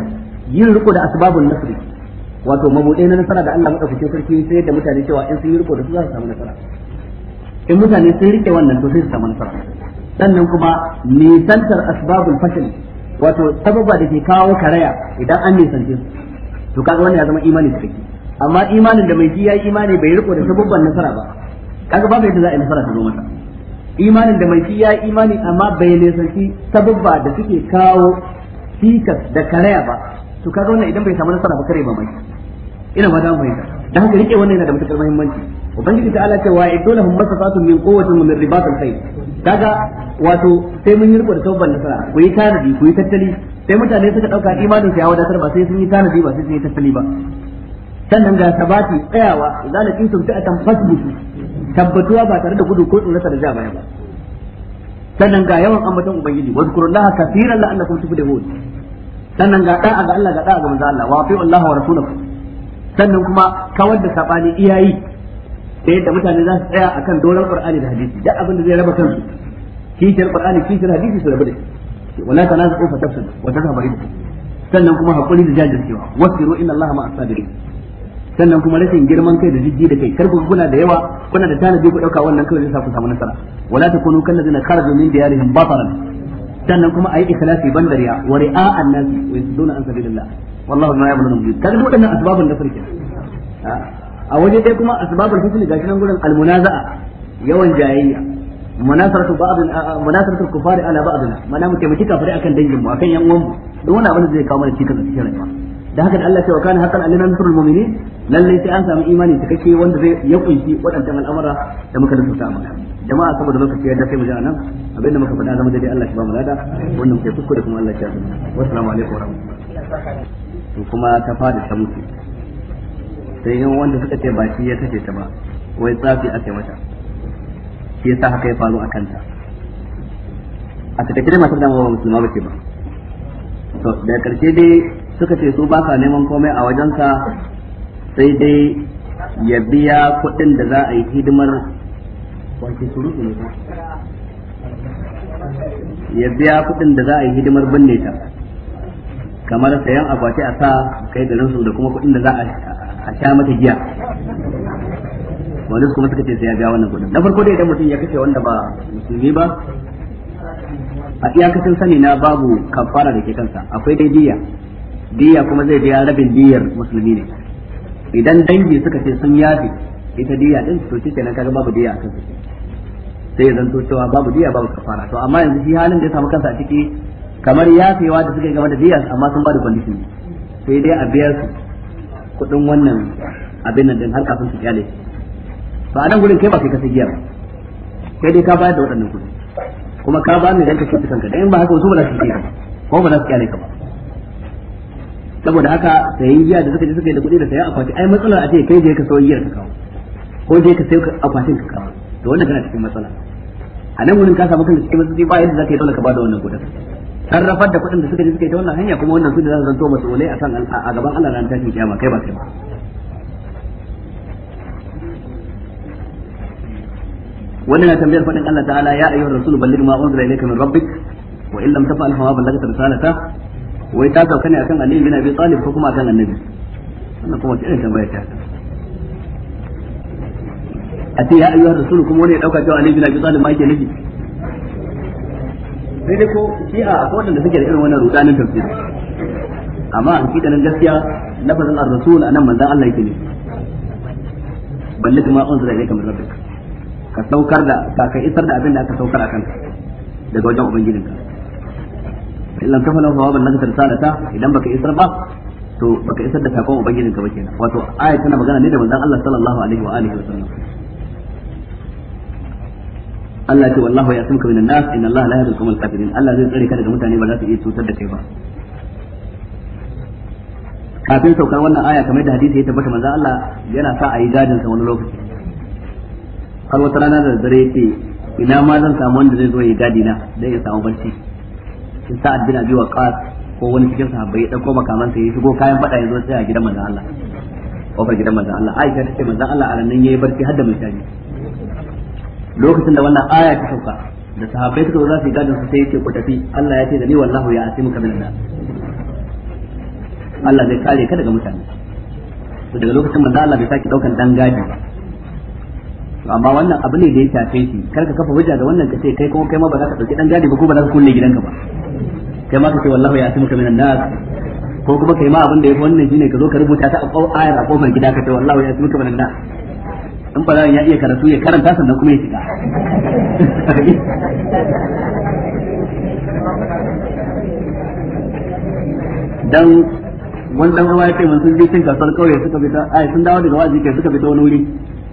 yin riko da asbabun nasri wato mabuɗe na nasara da Allah madaukakin sarki sai da mutane cewa in sun yi riko da su za su samu nasara in mutane sun rike wannan to sai su samu nasara sannan kuma nisantar asbabul fashil wato sababa da ke kawo karaya idan an nisance su to kaga wannan ya zama imani cikakke amma imanin da mai ji yi imani bai riko da sababban nasara ba kaga babu yadda za a yi nasara ta zo imanin da mai ji yi imani amma bai nisanci sababba da suke kawo sikas da karaya ba to kaga wannan idan bai samu nasara ba kare ba mai ina ma da mu fahimta dan haka rike wannan yana da matukar muhimmanci ubangiji ta'ala ce wa idulahum masafatun min quwwatin min ribatil khayr kaga wato sai mun yi riko da sababban nasara ku yi tanadi ku yi tattali sai mutane suka dauka imanin su ya wadatar ba sai sun yi tanadi ba sai sun yi tattali ba sannan ga sabati tsayawa idan la kintum ta'atan fasbutu tabbatuwa ba tare da gudu ko tsorata da ja ba sannan ga yawan ambaton ubangiji wa zkurullaha kaseeran la'allakum tuflihun sannan ga da'a ga Allah ga da'a ga manzo Allah wa fi Allah wa rasulahu sannan kuma kawar da sabani iyayi da yadda mutane za su tsaya akan doron qur'ani da hadisi duk abin da zai raba kansu kishiyar qur'ani kishiyar hadisi su rabu da shi wala tanazu fa tafsad wa tazhabu sannan kuma hakuri da jajircewa wasiru inna Allah ma'as sabirin sannan kuma rashin girman kai da jijji da kai karku kuna da yawa kuna da tanadi ku dauka wannan kawai zai sa ku samu nasara wala takunu kal ladina kharaju min diyarihim bataran sannan kuma ayi ikhlasi ban dariya wa ri'a an-nas wa yasudduna an sabilillah wallahu ma ya'lamu bi kaga wadannan asbabun nasar ke ah, a waje dai kuma asbabul fitni gashi nan gurin almunaza'a yawan jayayya munasaratu ba'd munasaratu kufari ala ba'd mana mu taimaki kafirai akan dangin mu akan yan uwan mu duk wani abin da zai kawo mana cikas a cikin rayuwa da haka da Allah cewa kana haqqan alina nasrul mu'minin lalle sai an samu imani cikakke wanda zai ya kunshi wadannan al'amura da muka rubuta a mana jama'a saboda lokaci ya dace mu ji anan abinda muka faɗa zama dai Allah shi ba mu lada wannan kai kuku da kuma Allah ya wa wassalamu alaikum wa rahmatullahi kuma ta fada ta mutu sai yan wanda suka ce ba shi ya take ta ba wai tsafi aka mata shi yasa haka ya faru a kanta a takaice dai masu dama ba musulma ba ce ba to da karshe dai suka ce su baka neman komai a wajensa sai dai ya biya kuɗin da za a yi hidimar ya biya kuɗin da za a yi hidimar binne ta kamar sayan akwati a sa kai garin su da kuma kuɗin da za a sha mata giya wani kuma suka ce sai ya biya wannan kuɗin na farko dai idan mutum ya kashe wanda ba musulmi ba a iyakacin sani na babu kafara da ke kansa akwai dai diya kuma zai biya rabin diyar musulmi ne idan dangi suka ce sun yafe ita diya din to shi kenan kaga babu diya a kansu sai ya zanto cewa babu diya babu kafara to amma yanzu shi halin da ya samu kansa a ciki kamar yafewa da suka yi game da diya amma sun ba da condition sai dai a biya su kudin wannan abin nan din har kafin su kyale ba nan gurin kai ba kai ka sai ba kai dai ka bayar da waɗannan kuɗi kuma ka ba ni dan ka kifi kanka dan ba haka wasu ba za su kifi ka ko ba za su kyale ka ba saboda haka sayan giya da suka je suka yi da kuɗi da sayan akwati ai matsala a ce kai je ka sayo giyar ka kawo ko je ka sayo akwatin ka kawo to wannan kana cikin matsala a nan gurin ka samu kanka cikin matsala ba yadda zaka yi dole ka bada wannan kuɗin sarrafar da kuɗin da suka je suka yi ta wannan hanya kuma wannan su da za su zanto masulai a kan a gaban Allah ran tashin kiyama kai ba kai ba wannan na tambayar faɗin Allah ta'ala ya ayyuhar rasul balligh ma unzila ilayka min rabbik wa in lam taf'al fa ma ballaghta risalata wai ta sauka ne akan annabi bin abi talib ko kuma akan annabi wannan kuma ce irin tambaya ta a ce ya ayyuhar rasulu kuma wani ya dauka cewa annabi bin abi talib ma yake nufi sai dai ko a akwai wadanda suke da irin wannan rudanin tafsir amma a nan gaskiya na lafazin ar-rasul anan manzon Allah yake ne balle ma unzura ilayka min rabbika ka saukar da ka kai isar da abin da aka saukar akan daga wajen ubangijinka illan kafala sawaban naka tarsalata idan baka isar ba to baka isar da sakon ubangijin ka ba kenan wato aya tana magana ne da manzon Allah sallallahu alaihi wa alihi wasallam Allah ya ce wallahu ya'simka minan nas inna Allah la yahdi al-qawmal kafirin Allah zai tsare ka daga mutane ba za su iya cutar da kai ba kafin sauka wannan aya kamar da hadisi ya tabbata manzon Allah yana sa a yi gadin sa wani lokaci har wata rana da dare yake ina ma zan samu wanda zai zo ya gadi na dan ya samu barci sa'ad bin abi waqas ko wani cikin sahabbai ya dauko makaman sa ya shigo kayan fada ya zo sai a gidan manzon Allah kofar gidan manzon Allah Aisha ce manzon Allah a ranan yayi barci har da mai tani lokacin da wannan aya ta sauka da sahabbai suka zo za su yi gadin su sai yake ku tafi Allah ya ce da ni wallahu ya asimu min na. Allah zai kare ka daga mutane daga lokacin manzon Allah bai saki daukan dan gadi amma wannan abu ne da ya shafe shi kar ka kafa hujja da wannan ka ce kai kuma kai ma ba za ka dauki dan gadi ba ko ba za ka kulle gidanka ba kai ma kace wallahi ya asimuka minan nas ko kuma kai ma abin da yafi wannan shine ka zo ka rubuta ta a ayar a kofar gida ka wallahi ya asimuka minan nas in ba ya iya karatu ya karanta sannan kuma ya shiga dan wani dan yake mun sun je cin kasuwar kauye suka bi ta ai sun dawo daga wazi kai suka bi ta wani wuri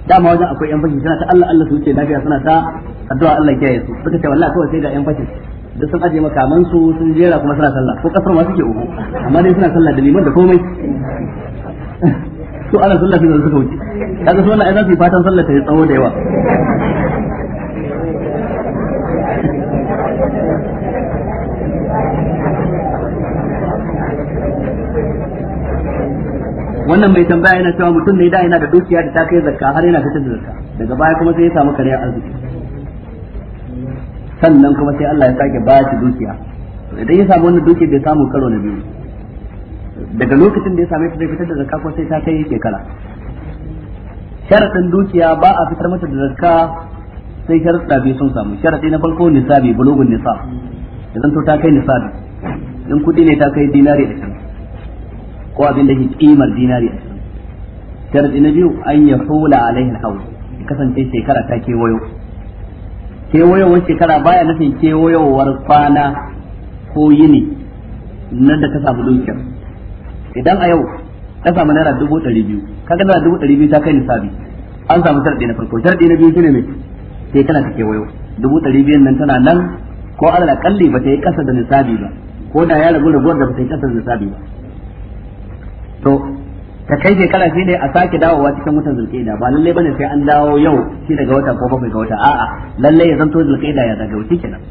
dama wajen akwai yan fashi suna ta Allah Allah su ce lafiya suna ta addu'a Allah ya yi su suka ce wallahi kawai sai ga yan fashi duk sun aje makaman su sun jera kuma suna sallah ko kasar ma suke uku amma dai suna sallah da liman da komai <laughs> su ana sallah sai suka wuce kaga su wannan ai za su yi fatan sallah ta yi tsawo da yawa wannan mai tambaya yana cewa mutum ne da yana da dukiya da ta kai zakka har yana fitar da zakka daga baya kuma sai ya samu kariyar arziki sannan kuma sai Allah ya sake ba shi dukiya to idan ya samu wannan dukiya bai samu karo na biyu daga lokacin da ya same ta zai fitar da zakka ko sai ta kai shekara sharadin dukiya ba a fitar mata da zakka sai sharuɗa biyu sun samu sharadi na farko nisabi bulugun nisab idan to ta kai nisabi in kudi ne ta kai dinari da kan ko abin da ke kimar dinari da sharadi na biyu an ya hula alaihi alhawl kasance shekara ta kewayo kewayowar shekara baya nufin kewayowar kwana ko yini nan da ka samu dukiyar idan a yau ka samu naira dubu ɗari biyu kaga naira dubu ɗari biyu ta kai nisabi an samu sharɗi na farko sharɗi na biyu shine mai sai kana ta kewayo dubu ɗari biyun nan tana nan ko alal akalli ba ta yi ƙasa da nisabi ba ko da ya ragu raguwar da ba ta yi ƙasa da nisabi ba to ka kai shekara shi ne a sake dawowa cikin watan zulkaida ba lalle bane sai an dawo yau shi daga wata ko bakwai ga wata a'a lalle ya zanto zulkaida ya daga wuce kenan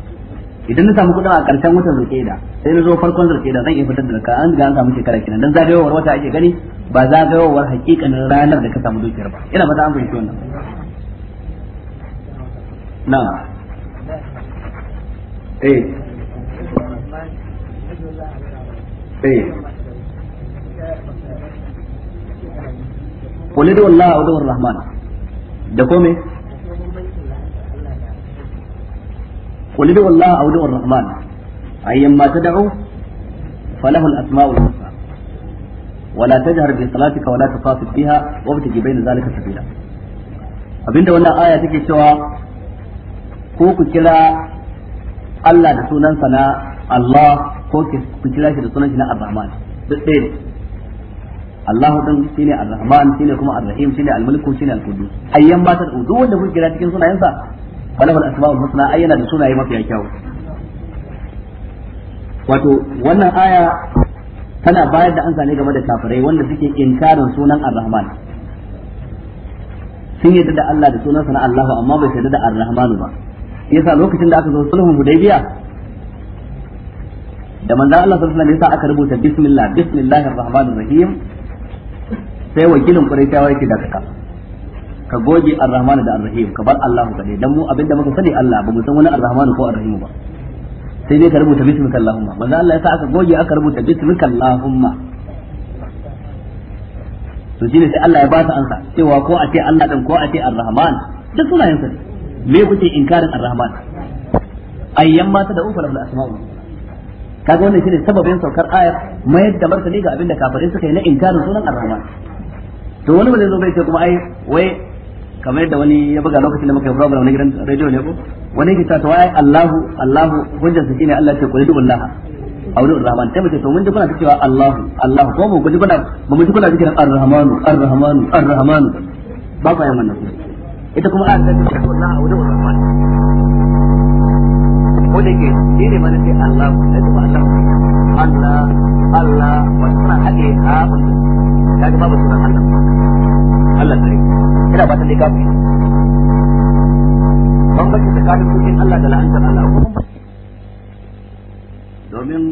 idan na samu kudin a karshen watan zulkaida sai na zo farkon zulkaida zan iya fitar da ka an ga an samu shekara kenan dan zagayowar wata ake gani ba zagayowar hakikanin ranar da ka samu dukiyar ba ina fata an fahimci wannan na eh eh qul huwa allah rahman da kome qul huwa allah rahman ayyan ma tad'u falahu al-asma'ul husna ولا تجهر بصلاتك ولا تخافت بها وابتغ بين ذلك سبيلا abinda wannan aya take cewa ko ku kira Allah da sunansa na Allah ko ku kira shi da sunan shi na ar duk ɗaya ne Allahu din shine Ar-Rahman ne kuma Ar-Rahim shi ne Al-Mulku ne Al-Qudus ayyan ba ta duk wanda kun kira cikin sunayensa balal asma'ul husna ayyana da sunaye mafi kyau wato wannan aya tana bayar da ansa ne game da kafirai wanda suke inkarin sunan Ar-Rahman sun yadda da Allah da sunansa na Allahu amma bai yarda da Ar-Rahman ba yasa lokacin da aka zo sulhun Hudaybiya da manzon Allah sallallahu alaihi wasallam yasa aka rubuta bismillah bismillahir rahmanir rahim sai wakilin quraishawa yake da kaka ka goge ar-rahman da ar-rahim ka bar Allah kadai dan mu abinda muka sani Allah ba mu san wani ar-rahman ko ar-rahim ba sai dai ka rubuta bismika Allahumma manzo Allah ya sa aka goge aka rubuta bismika Allahumma to shine sai Allah ya ba ta ansa cewa ko a ce Allah din ko a ce ar-rahman duk sunayen sa me kuke inkarin ar-rahman ayyan mata da ufa da asma'u kaga wannan shine sababin saukar ayar mayar da martani ga abinda kafirai suka yi na inkarin sunan ar-rahman to wani ba zai zo bai ce kuma ai wai kamar yadda wani ya buga lokacin da muka yi program na gidan radio ne ko wani ke ta wai Allahu Allahu hujjar su shine Allah ce kullu billah aure rahman sai mace to mun ji kuna cewa Allahu Allahu ko mun ji kuna ba mun ji kuna cewa ar-rahmanu ar-rahmanu ar-rahmanu ba ba yan wannan ita kuma Allah ce kullu billah aure rahman ko da yake shi mana sai Allah sai kuma Allah Allah Allah wasu suna haɗe haɓun ta ga babu sunan Allah Allah sai ina ba ta dai gafi bambanci tsakanin kuɗin Allah da la'antar Allah ko domin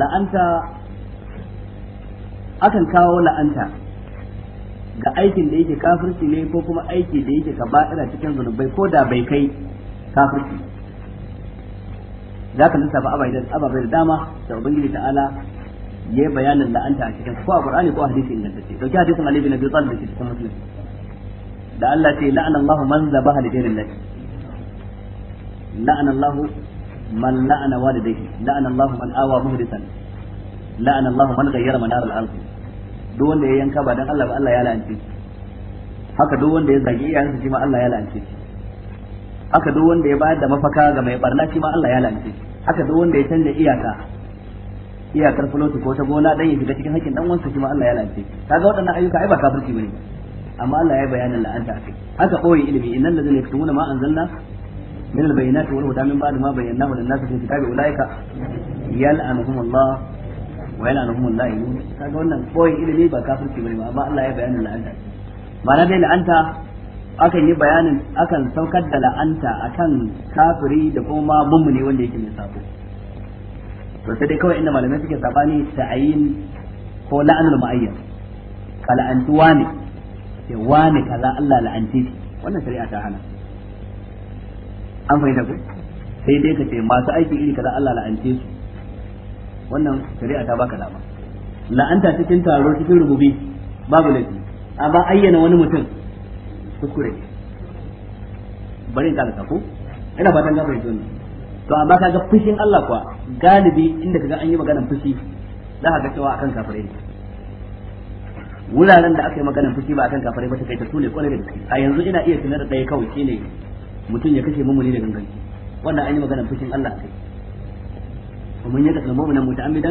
la'anta akan kawo la'anta ga aikin da yake kafirci ne ko kuma aiki da yake kaba'ira cikin zunubai ko da bai kai kafirci za ka lissafa ababai da dama da ubangiji ta'ala ya yi bayanin la'anta a cikin ko a qur'ani ko a hadisi ingantacce dauki hadisin ali bin abi talib da cikin muslim da Allah ce la'ana Allah man zabaha li ghayri Allah la'ana Allah man la'ana walidayhi la'ana Allah man awa muhdisan la'ana Allah man ghayyara manar al-ard duk wanda ya yanka ba dan Allah ba Allah ya la'anci haka duk wanda ya zagi iyayensa shi ma Allah ya la'anci. shi haka duk wanda ya bayar da mafaka ga mai barna shi ma Allah ya lalace haka duk wanda ya canza iyaka iyakar fuloti ko ta gona dan ya shiga cikin hakkin dan wansa shi ma Allah ya lalace kaga waɗannan ayyuka ai ba kafirci bane amma Allah ya bayanin la'anta akai haka koyi ilimi innal ladzina yaktumuna ma anzalna من البينات والهدى من بعد ما بيناه للناس في الكتاب اولئك يلعنهم الله ويلعنهم اللائمون kaga wannan koyi ilimi ba kafirci bane amma Allah ya bayyana la'anta ma'ana dai la'anta akan yi bayanin akan saukar da la'anta akan kafiri da kuma mummune wanda yake mai sabo to sai dai kawai inda malamai suke sabani ta'ayin ko la'anul ma'ayyan ka la'antu wane ya wane kaza Allah la'anti wannan shari'a ta hana an fahimta ku sai dai ka ce masu aiki iri kaza Allah la'anti su wannan shari'a ta baka dama la'anta cikin taro cikin rububi babu laifi amma ayyana wani mutum kuskure bari ta ka ko ina fatan ka fahimci wannan to amma kaga fushin Allah kuwa galibi inda kaga an yi maganar fushi za ka ga cewa akan kafirai ne wuraren da aka yi maganar fushi ba akan kafirai ba ta kai ta sune kwarai da gaske a yanzu ina iya tunar da ɗaya kawai shine mutum ya kashe mumuni da gangan wannan an yi maganar fushin Allah kai ومن يقتل مؤمنا متعمدا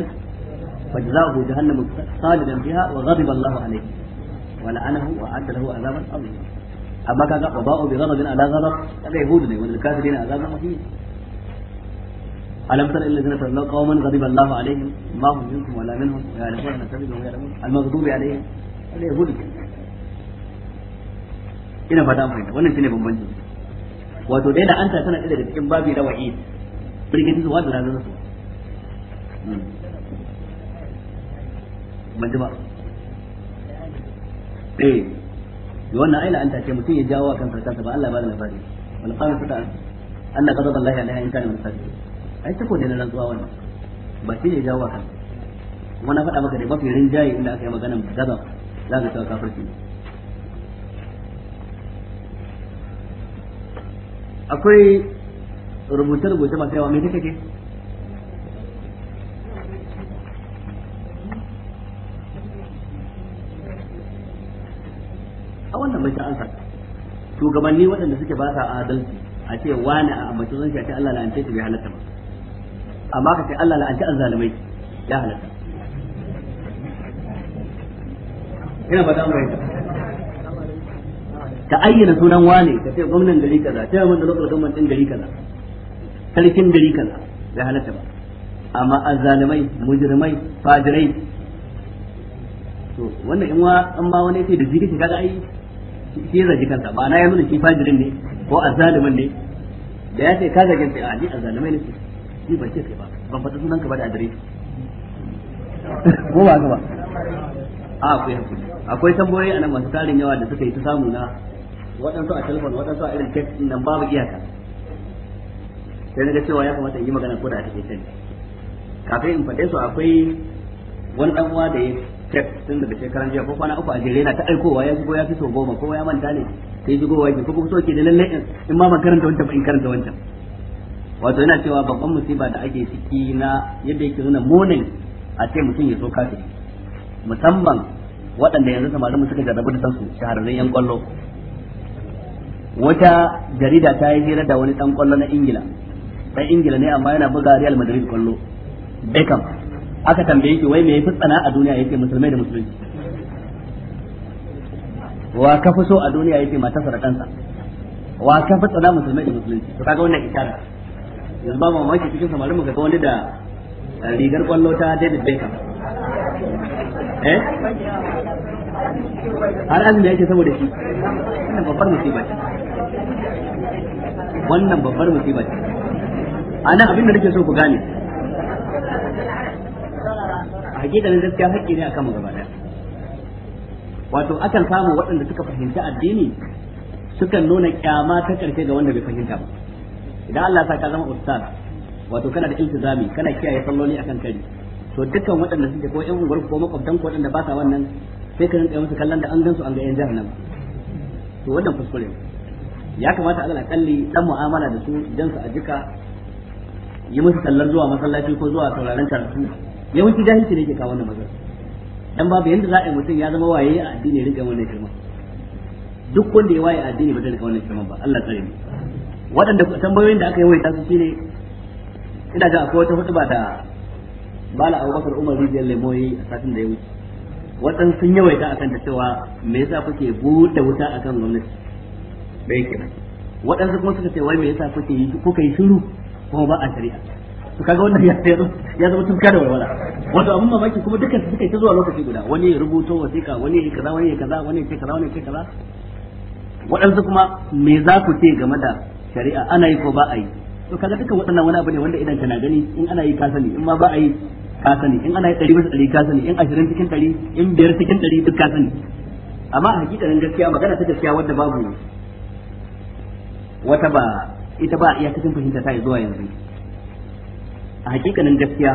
فجزاؤه جهنم خالدا فيها وغضب الله عليه ولعنه وأعد له عذابا عظيما amma kaga qada'u bi ghadabin ala ghadab kaga yahudu ne wal kafirin azabun muhim ألم تر إلى الذين تولوا قوما غضب الله عليهم ما هم منكم ولا منهم ويعرفون أن سبيلهم يعلمون المغضوب عليهم اليهود ina fata mai wannan shine bambanci wato dai la'anta tana ɗaya daga cikin babi na wa'id birgiti su wato ranar su hmm. ban ba eh yi wannan aina an tace mutum ya jawo kan kansa ba Allah ba da labari wal qamisa ta anna qadaba Allah alaiha in kana musaddiq ai tako da nan zuwa wannan ba shi ne jawo kan na faɗa maka da mafi rinjaye inda aka yi magana gaba za ka cewa kafirci akwai rubuce-rubuce masu yawa mai take malamai ta ansa shugabanni waɗanda suke ba sa adalci a ce wani a ambaci zan shi a ce Allah la'anta shi bai halatta ba amma ka ce Allah la'anta azzalimai ya halatta ina ba an bayyana ka ayyana sunan wane ka ce gwamnan gari kaza ta yamin da local din gari kaza sarkin gari kaza bai halatta ba amma azzalimai mujrimai fajirai to wannan in wa an ba wani sai da zikiri kaga ai shi zagi kansa ba na ya nuna shi fajirin ne ko azzalimin ne da ya ce ka zage sai a ji azzalimai ne shi ba ce kai ba ban fata sunan ka ba da adare ko ba ga ba a akwai hakuri akwai a nan masu tarin yawa da suka yi ta samu na waɗansu a telefon waɗansu a irin text nan babu iyaka sai na ga cewa ya kamata in yi magana ko da a take kafin in faɗe su akwai wani ɗan uwa da ya tek tun daga shekaran jiya ko kwana uku a jere na ta aikowa ya shigo ya fi sau goma ko ya manta ne sai shigowa yake ko kuma so ke da lalle in ma ban karanta wancan ba in karanta wancan wato yana cewa babban musiba da ake ciki na yadda yake nuna munin a ce mutum ya so kafin musamman waɗanda yanzu samarin suka jarrabu da sansu shahararren yan kwallo wata jarida ta yi hira da wani dan kwallo na ingila ɗan ingila ne amma yana buga real madrid kwallo beckham aka tambaye shi wai me yafi tsana a duniya yake musulmai da musulunci wa ka fi so a duniya yake mata sarakansa wa ka fi tsana musulmai da musulunci to kaga wannan isharar yanzu ba mamaki cikin samarin mu ga wani da eh, rigar kwallo ta David Beckham eh har an yake saboda shi wannan babbar musiba ce wannan babbar musiba ce ana abin da nake so ku gane a hakikanin gaskiya haƙƙi ne akan gaba daya wato akan samu waɗanda suka fahimci addini sukan nuna kyama ta karshe ga wanda bai fahimta ba idan Allah ya ka zama ustaz wato kana da iltizami kana kiyaye salloli akan kari to dukkan waɗanda suke ko ƴan unguwar ko makwabtan ko waɗanda ba sa wannan sai ka rinka musu kallon da an gansu an ga ƴan jahannama to wannan kuskure ya kamata a kalli dan mu'amala da su dan su ajika yi musu sallar zuwa masallaci ko zuwa sauraron karatu yawanci jahilci ne ke kawo wannan magana dan babu yanda za a yi mutum ya zama waye a addini rinka wannan kirma duk wanda ya waye a addini ba zai rinka wannan kirma ba Allah tsare mu waɗanda tambayoyin da aka yi waita su shine ina ga akwai wata hutuba da Bala Abubakar Umar Rijiyar Lemoyi a satin da ya wuce waɗansu sun yawaita akan ta cewa me yasa kuke buɗe wuta akan gwamnati bai kenan waɗansu kuma suka ce wai me yasa kuke yi kuka yi shiru kuma ba a shari'a to kaga wannan ya ya zama tufka da walwala wato abun mamaki kuma dukkan su suka yi ta zuwa lokaci guda wani ya rubuto wasiƙa wani ya kaza wani ya kaza wani ya kaza wani ya kaza waɗansu kuma me za ku ce game da shari'a ana yi ko ba a yi to kaga dukkan waɗannan wani abu ne wanda idan kana gani in ana yi ka sani in ma ba a yi ka sani in ana yi ɗari bisa ɗari ka sani in ashirin cikin ɗari in biyar cikin ɗari duk ka sani amma a hakikanin gaskiya magana ta gaskiya wadda babu wata ba ita ba iya cikin fahimta ta zuwa yanzu a hakikanin gaskiya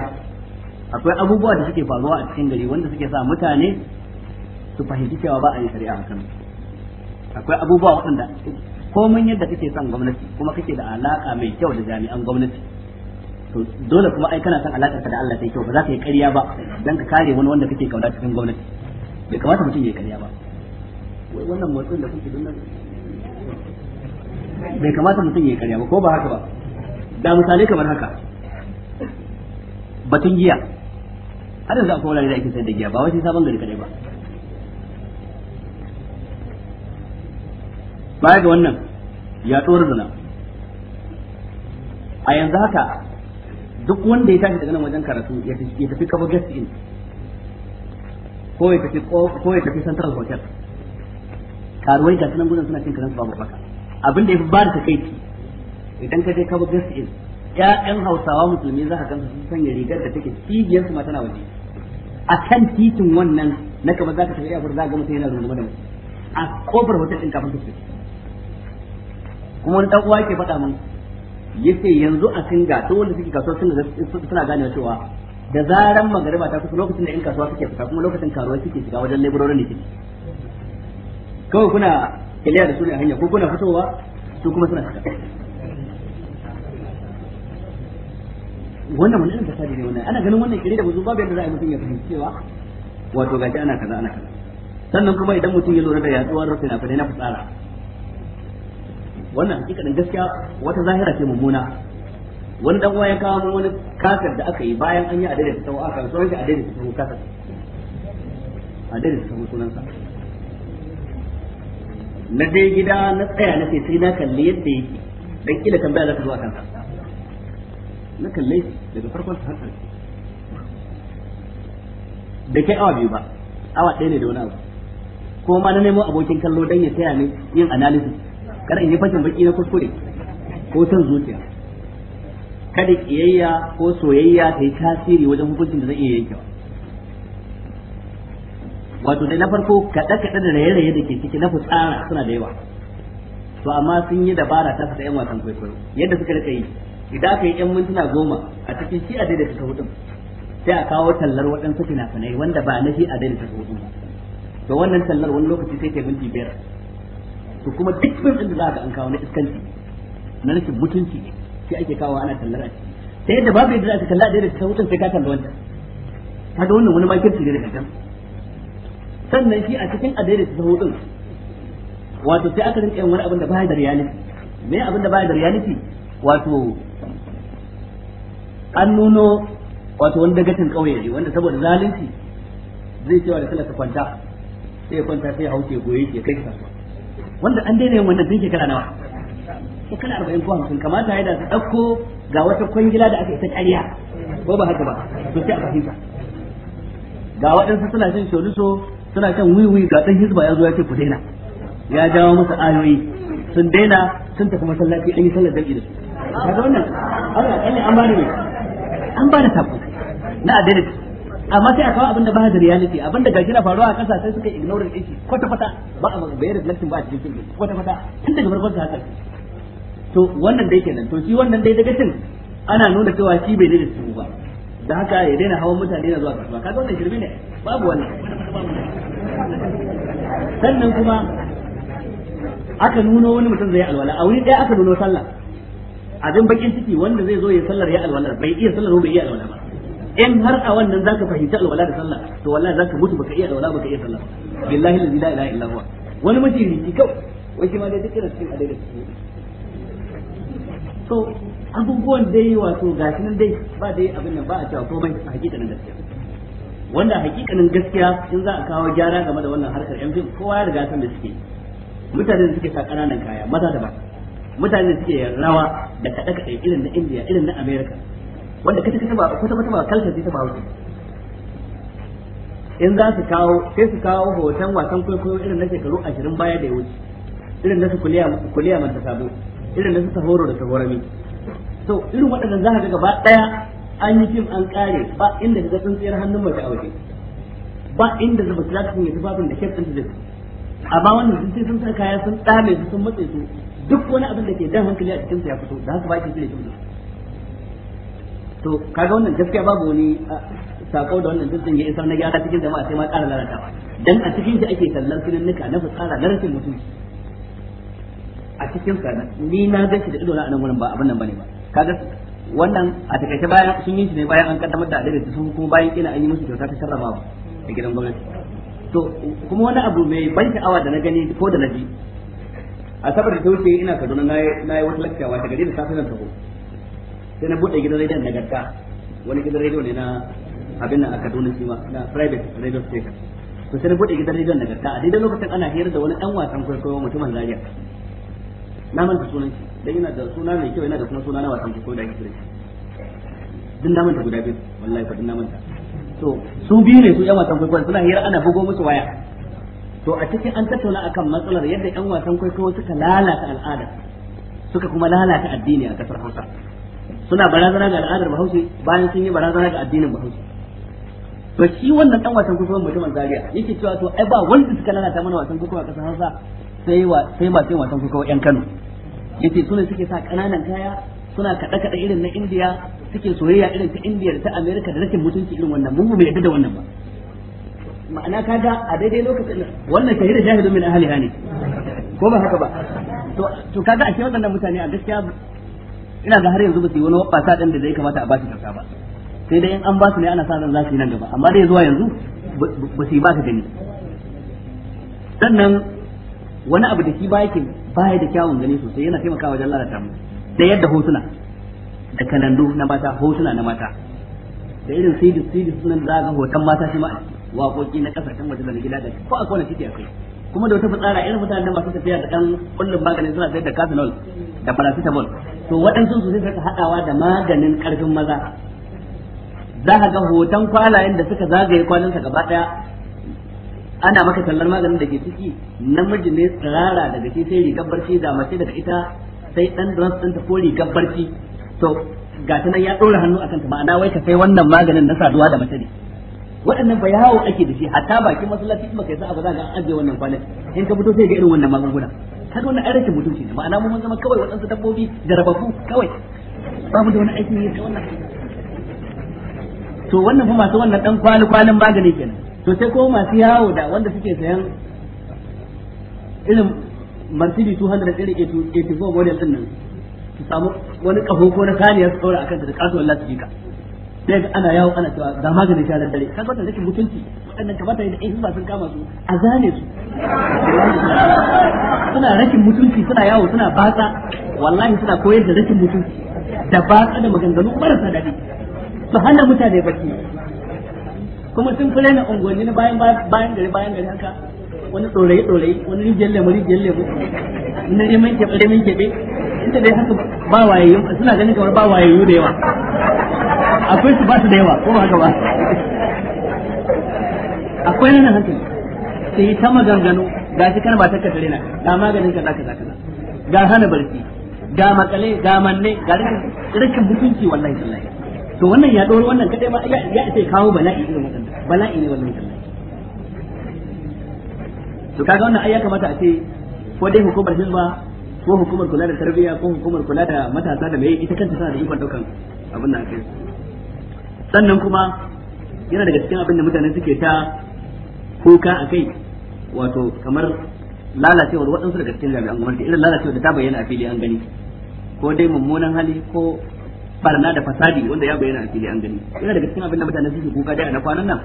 akwai abubuwa da suke faruwa a cikin gari wanda suke sa mutane su fahimci cewa ba a yi shari'a a Kano akwai abubuwa waɗanda komin yadda kake son gwamnati kuma kake da alaka mai kyau da jami'an gwamnati to dole kuma ai kana son alaka da Allah ta kyau ba za ka yi ƙarya ba dan ka kare wani wanda kake kauna cikin gwamnati bai kamata mutum ya yi ƙarya ba wannan motsin da kuke dunnan bai kamata mutum ya yi ƙarya ba ko ba haka ba da misalai kamar haka batun giya har yanzu akwai wurare da ake sayar da giya ba wai sabon gari kadai ba baya ga wannan ya tsoron zina a yanzu haka duk wanda ya tashi daga nan wajen karatu ya tafi kafa guest in ko ya tafi central hotel karuwai ga sunan gudun suna cin karansu babu baka abin da ya fi ba da takaici idan ka je kafa guest in Ya'yan Hausawa musulmi za ka gansu sun sanya rigar da take cibiyar su ma tana waje a kan titin wannan na kamar za ka tafi airport za ka gama mutum yana rungume da mu a kofar hotel ɗin kafin tafi kuma wani ɗan uwa yake faɗa min yace yanzu a singa to wanda suke kasuwa sun suna gane cewa da zaran magariba ta kusa lokacin da in kasuwa suke fita kuma lokacin karuwa suke shiga wajen laborerin da kike kawai kuna kiliya da su ne a hanya ko kuna fitowa su kuma suna fita wannan wani irin fasadi ne wannan ana ganin wannan kire da mutum babu yadda za a yi mutum ya fahimci cewa wato gaji ana kaza ana kaza sannan kuma idan mutum ya lura da yaduwar rufe na fadai na fitsara wannan din gaskiya wata zahira ce mummuna wani dan ya kawo wani kasar da aka yi bayan an yi a daidaita sau aka sunan shi a daidaita sau kasar a daidaita sau sunansa na dai gida na tsaya na sai na kalli yadda yake dan kila tambaya za ta zo a kansa na kalle shi daga farkon su har ƙarshe da ke awa biyu ba awa ɗaya ne da wani abu ko ma na nemo abokin kallo dan ya taya ni yin analysis kar in yi fashin baki na kuskure ko san zuciya kada kiyayya ko soyayya ta yi tasiri wajen hukuncin da zai iya yanke wato dai na farko kaɗa kaɗa da raye-raye da ke ciki na fitsara suna da yawa to amma sun yi dabara ta fata yan wasan kwaikwayo yadda suka rika yi idan aka yi yan mintuna goma a cikin shi a daidaita ta hudun sai a kawo tallar waɗansu fina-finai wanda ba na shi a daidaita ta hudun to wannan tallar wani lokaci sai ta minti biyar to kuma duk filmin da za ka an kawo na iskanci na rashin mutunci sai ake kawo ana tallar a ciki sai yadda babu yadda za ka kalla a daidaita ta hudun sai ka kalla wanda ga wannan wani makirci ne daga can sannan shi a cikin a daidaita ta hudun wato sai aka rinƙa yin wani abin da ya da reality me abin da ya da reality wato an nuno wato wani dagacin kauye ne wanda saboda zalunci zai cewa da kala ta kwanta sai ya kwanta sai ya hauke goye ke kai kasuwa wanda an daina yin wannan tun kana nawa kana arba'in ko hamsin kamata ya da su ɗauko ga wata kwangila da aka yi ta ƙarya ko ba haka ba to sai a fahimta ga waɗansu suna shan sholiso suna shan wiwi ga ɗan hizba ya zo ya ce ku daina ya jawo masa ayoyi sun daina sun tafi masallaci an yi sallar jam'i da su daga wannan Allah kalle an bani ne an bani sako na adalci amma sai a kawo abin da ba da reality abin da gashi na faruwa a kasa sai suka ignore din shi kwata kwata ba a bayar da ba a cikin shi kwata kwata tun daga farkon haka to wannan dai kenan to shi wannan dai daga cin ana nuna cewa shi bai da su ba da haka ya daina hawan mutane na zuwa kasuwa kaga wannan shirme ne babu wannan sannan kuma aka nuno wani mutum zai alwala a wuri ɗaya aka nuno sallah abin bakin ciki wanda zai zo ya sallar ya alwala bai iya sallar bai iya alwala ba in har a wannan zaka fahimci alwala da sallah to wallahi zaka mutu baka iya alwala baka iya sallah billahi la ilaha illa huwa wani mijiri kai wai shi ma dai duk irin cikin adai su. so abubuwan dai wato gashi nan dai ba dai abin nan ba a cewa komai a hakikanin gaskiya wanda hakikanin gaskiya in za a kawo gyara game da wannan harkar yan kowa ya riga san da suke mutanen da suke sa kananan kaya maza da mata mutane suke rawa da kaɗe kaɗe irin na Indiya, irin na Amerika, wanda kata-kata, ba kusa kusa ba kalta ta ba in za su kawo sai su kawo hoton wasan kwaikwayo irin na shekaru ashirin baya da ya wuce irin na su kuliya manta sabo irin na su sahoro da sahorami So, irin waɗannan za ka ga gaba ɗaya an yi fim an ƙare ba inda ka ga tsintsiyar hannun mai a ba inda zuba su za ka sanya tufafin da kyau ɗin su amma wannan sun ce sun sa kaya sun ɗame su sun matse su duk wani abin da ke dan hankali a cikin ya fito da haka ba shi da to kaga wannan gaskiya babu wani ah, sako da wannan dukkan ya isar na gyara cikin jama'a sai ma ƙara lalatawa dan a cikin shi ake tallar nuka na fitsara na rashin mutum a cikin sa ni na ga shi da ido na anan gurin ba abin nan bane ba kaga wannan a takaice bayan sun yi shi ne bayan an kaddamar da adalci sun kuma bayan kina an yi musu kyauta ta sharrama a gidan gwamnati to kuma wani abu mai ban sha'awa da na gani ko da na ji asabar da ta wuce ina kaduna na yi wata lakciya wata gari da safe nan taho sai na buɗe gidan na nagarta wani gidan radio ne na abin nan a kaduna shi ma na private radio station to sai na buɗe gidan na nagarta a daidai lokacin ana hira da wani ɗan wasan kwaikwayo mutumin zaria na manta sunan shi dan yana da suna mai kyau yana da kuma suna na wasan kwaikwayo da ake din manta guda biyu wallahi din manta to su biyu ne su yan wasan kwaikwayo suna hira ana bugo musu waya to a cikin an tattauna akan matsalar yadda yan wasan kwaikwayo suka lalata al'ada suka kuma lalata addini a kasar Hausa suna barazana ga al'adar Bahaushe bayan sun yi barazana ga addinin Bahaushe to shi wannan dan wasan kwaikwayo mutumin Zaria yake cewa to ai ba wanda suka lalata mana wasan kwaikwayo a kasar Hausa sai wa sai ba sai wasan kwaikwayo yan Kano yace su ne suke sa kananan kaya suna kada kada irin na Indiya suke soyayya irin ta Indiya da ta Amerika da rashin mutunci irin wannan mun mu yadda da wannan ba ma'ana kaga a daidai lokacin wannan shahida shahidun min ahli hani ko ba haka ba to to kaga ashe waɗannan mutane a gaskiya ina ga har yanzu ba su yi wani wabata din da zai kamata a ba shi kyauta ba sai dai in an ba su ne ana sa ran za yi nan gaba amma dai zuwa yanzu ba su yi ba su gani sannan wani abu da shi ba yake baya da kyawun gani sosai yana taimakawa wajen lalata mu da yadda hotuna da kanandu na mata hotuna na mata da irin sidis sidis nan za ga hoton mata shi ma Wakoki na kasashen waje da na gida da ko a kona titi akai kuma da wata fitsara irin mutanen masu tafiya da ɗan kullum maganin suna sayar da casinol da paracetamol to waɗansu su sai haɗawa da maganin ƙarfin maza za ka ga hoton kwalayen da suka zagaye kwalinsa gaba ɗaya ana maka tallar maganin da ke ciki namiji ne tsirara daga shi sai rigar barci da mace daga ita sai ɗan dress ɗinta ko rigar barci to ga ta nan ya ɗora hannu akan ta ma'ana wai ka sai wannan maganin na saduwa da mace ne waɗannan ba yawo ake da shi hatta bakin masallaci kuma kai sa'a ba za an ajiye wannan kwanaki in ka fito sai ga irin wannan magunguna kaga wannan aiki mutunci ne ma'ana mun zama kawai waɗansu dabbobi jarababu kawai ba mu da wani aiki ne sai wannan to wannan fa masu wannan dan kwali kwalin magani kenan to sai ko masu yawo da wanda suke sayan irin Mercedes 200 irin 84 model din nan su samu wani kafo ko na saniya su tsora akan ta da kasuwar lasifika sai ga ana yawo ana cewa ga maganin sharar dare kaga wannan rashin mutunci waɗannan kamata yadda ɗan ba sun kama su a zane su suna rashin mutunci suna yawo suna batsa wallahi suna koyar da rashin mutunci da batsa da maganganu marasa daɗi su hana mutane baki kuma sun fi raina unguwanni na bayan gari bayan gari haka wani tsoraye tsoraye wani rijiyar lemu rijiyar lemu na neman keɓe neman keɓe ita dai haka ba wayayyu suna ganin kamar ba wayayyu da yawa akwai su ba su da yawa ko haka ba akwai nan hankali sai ta maganganu ga shi kana ba ta kasare na ga maganin kaza kaza kaza ga hana barci ga makale ga manne ga rikin mutunci wallahi tallahi to wannan ya dora wannan kadai ma ya ya sai kawo bala'i irin wannan bala'i ne wallahi tallahi to kaga wannan ai kamata a ce ko dai hukumar hizba ko hukumar kula da tarbiyya ko hukumar kula da matasa da mai ita kanta tana da ikon daukan abin da ake. sannan kuma yana daga cikin abin da mutane suke ta kuka a kai wato kamar lalacewar waɗansu daga cikin jami'an gwamnati irin lalacewar da ta bayyana a fili an gani ko dai mummunan hali ko barna da fasadi wanda ya bayyana a fili an gani yana daga cikin abin da mutane suke kuka dai a na kwanan nan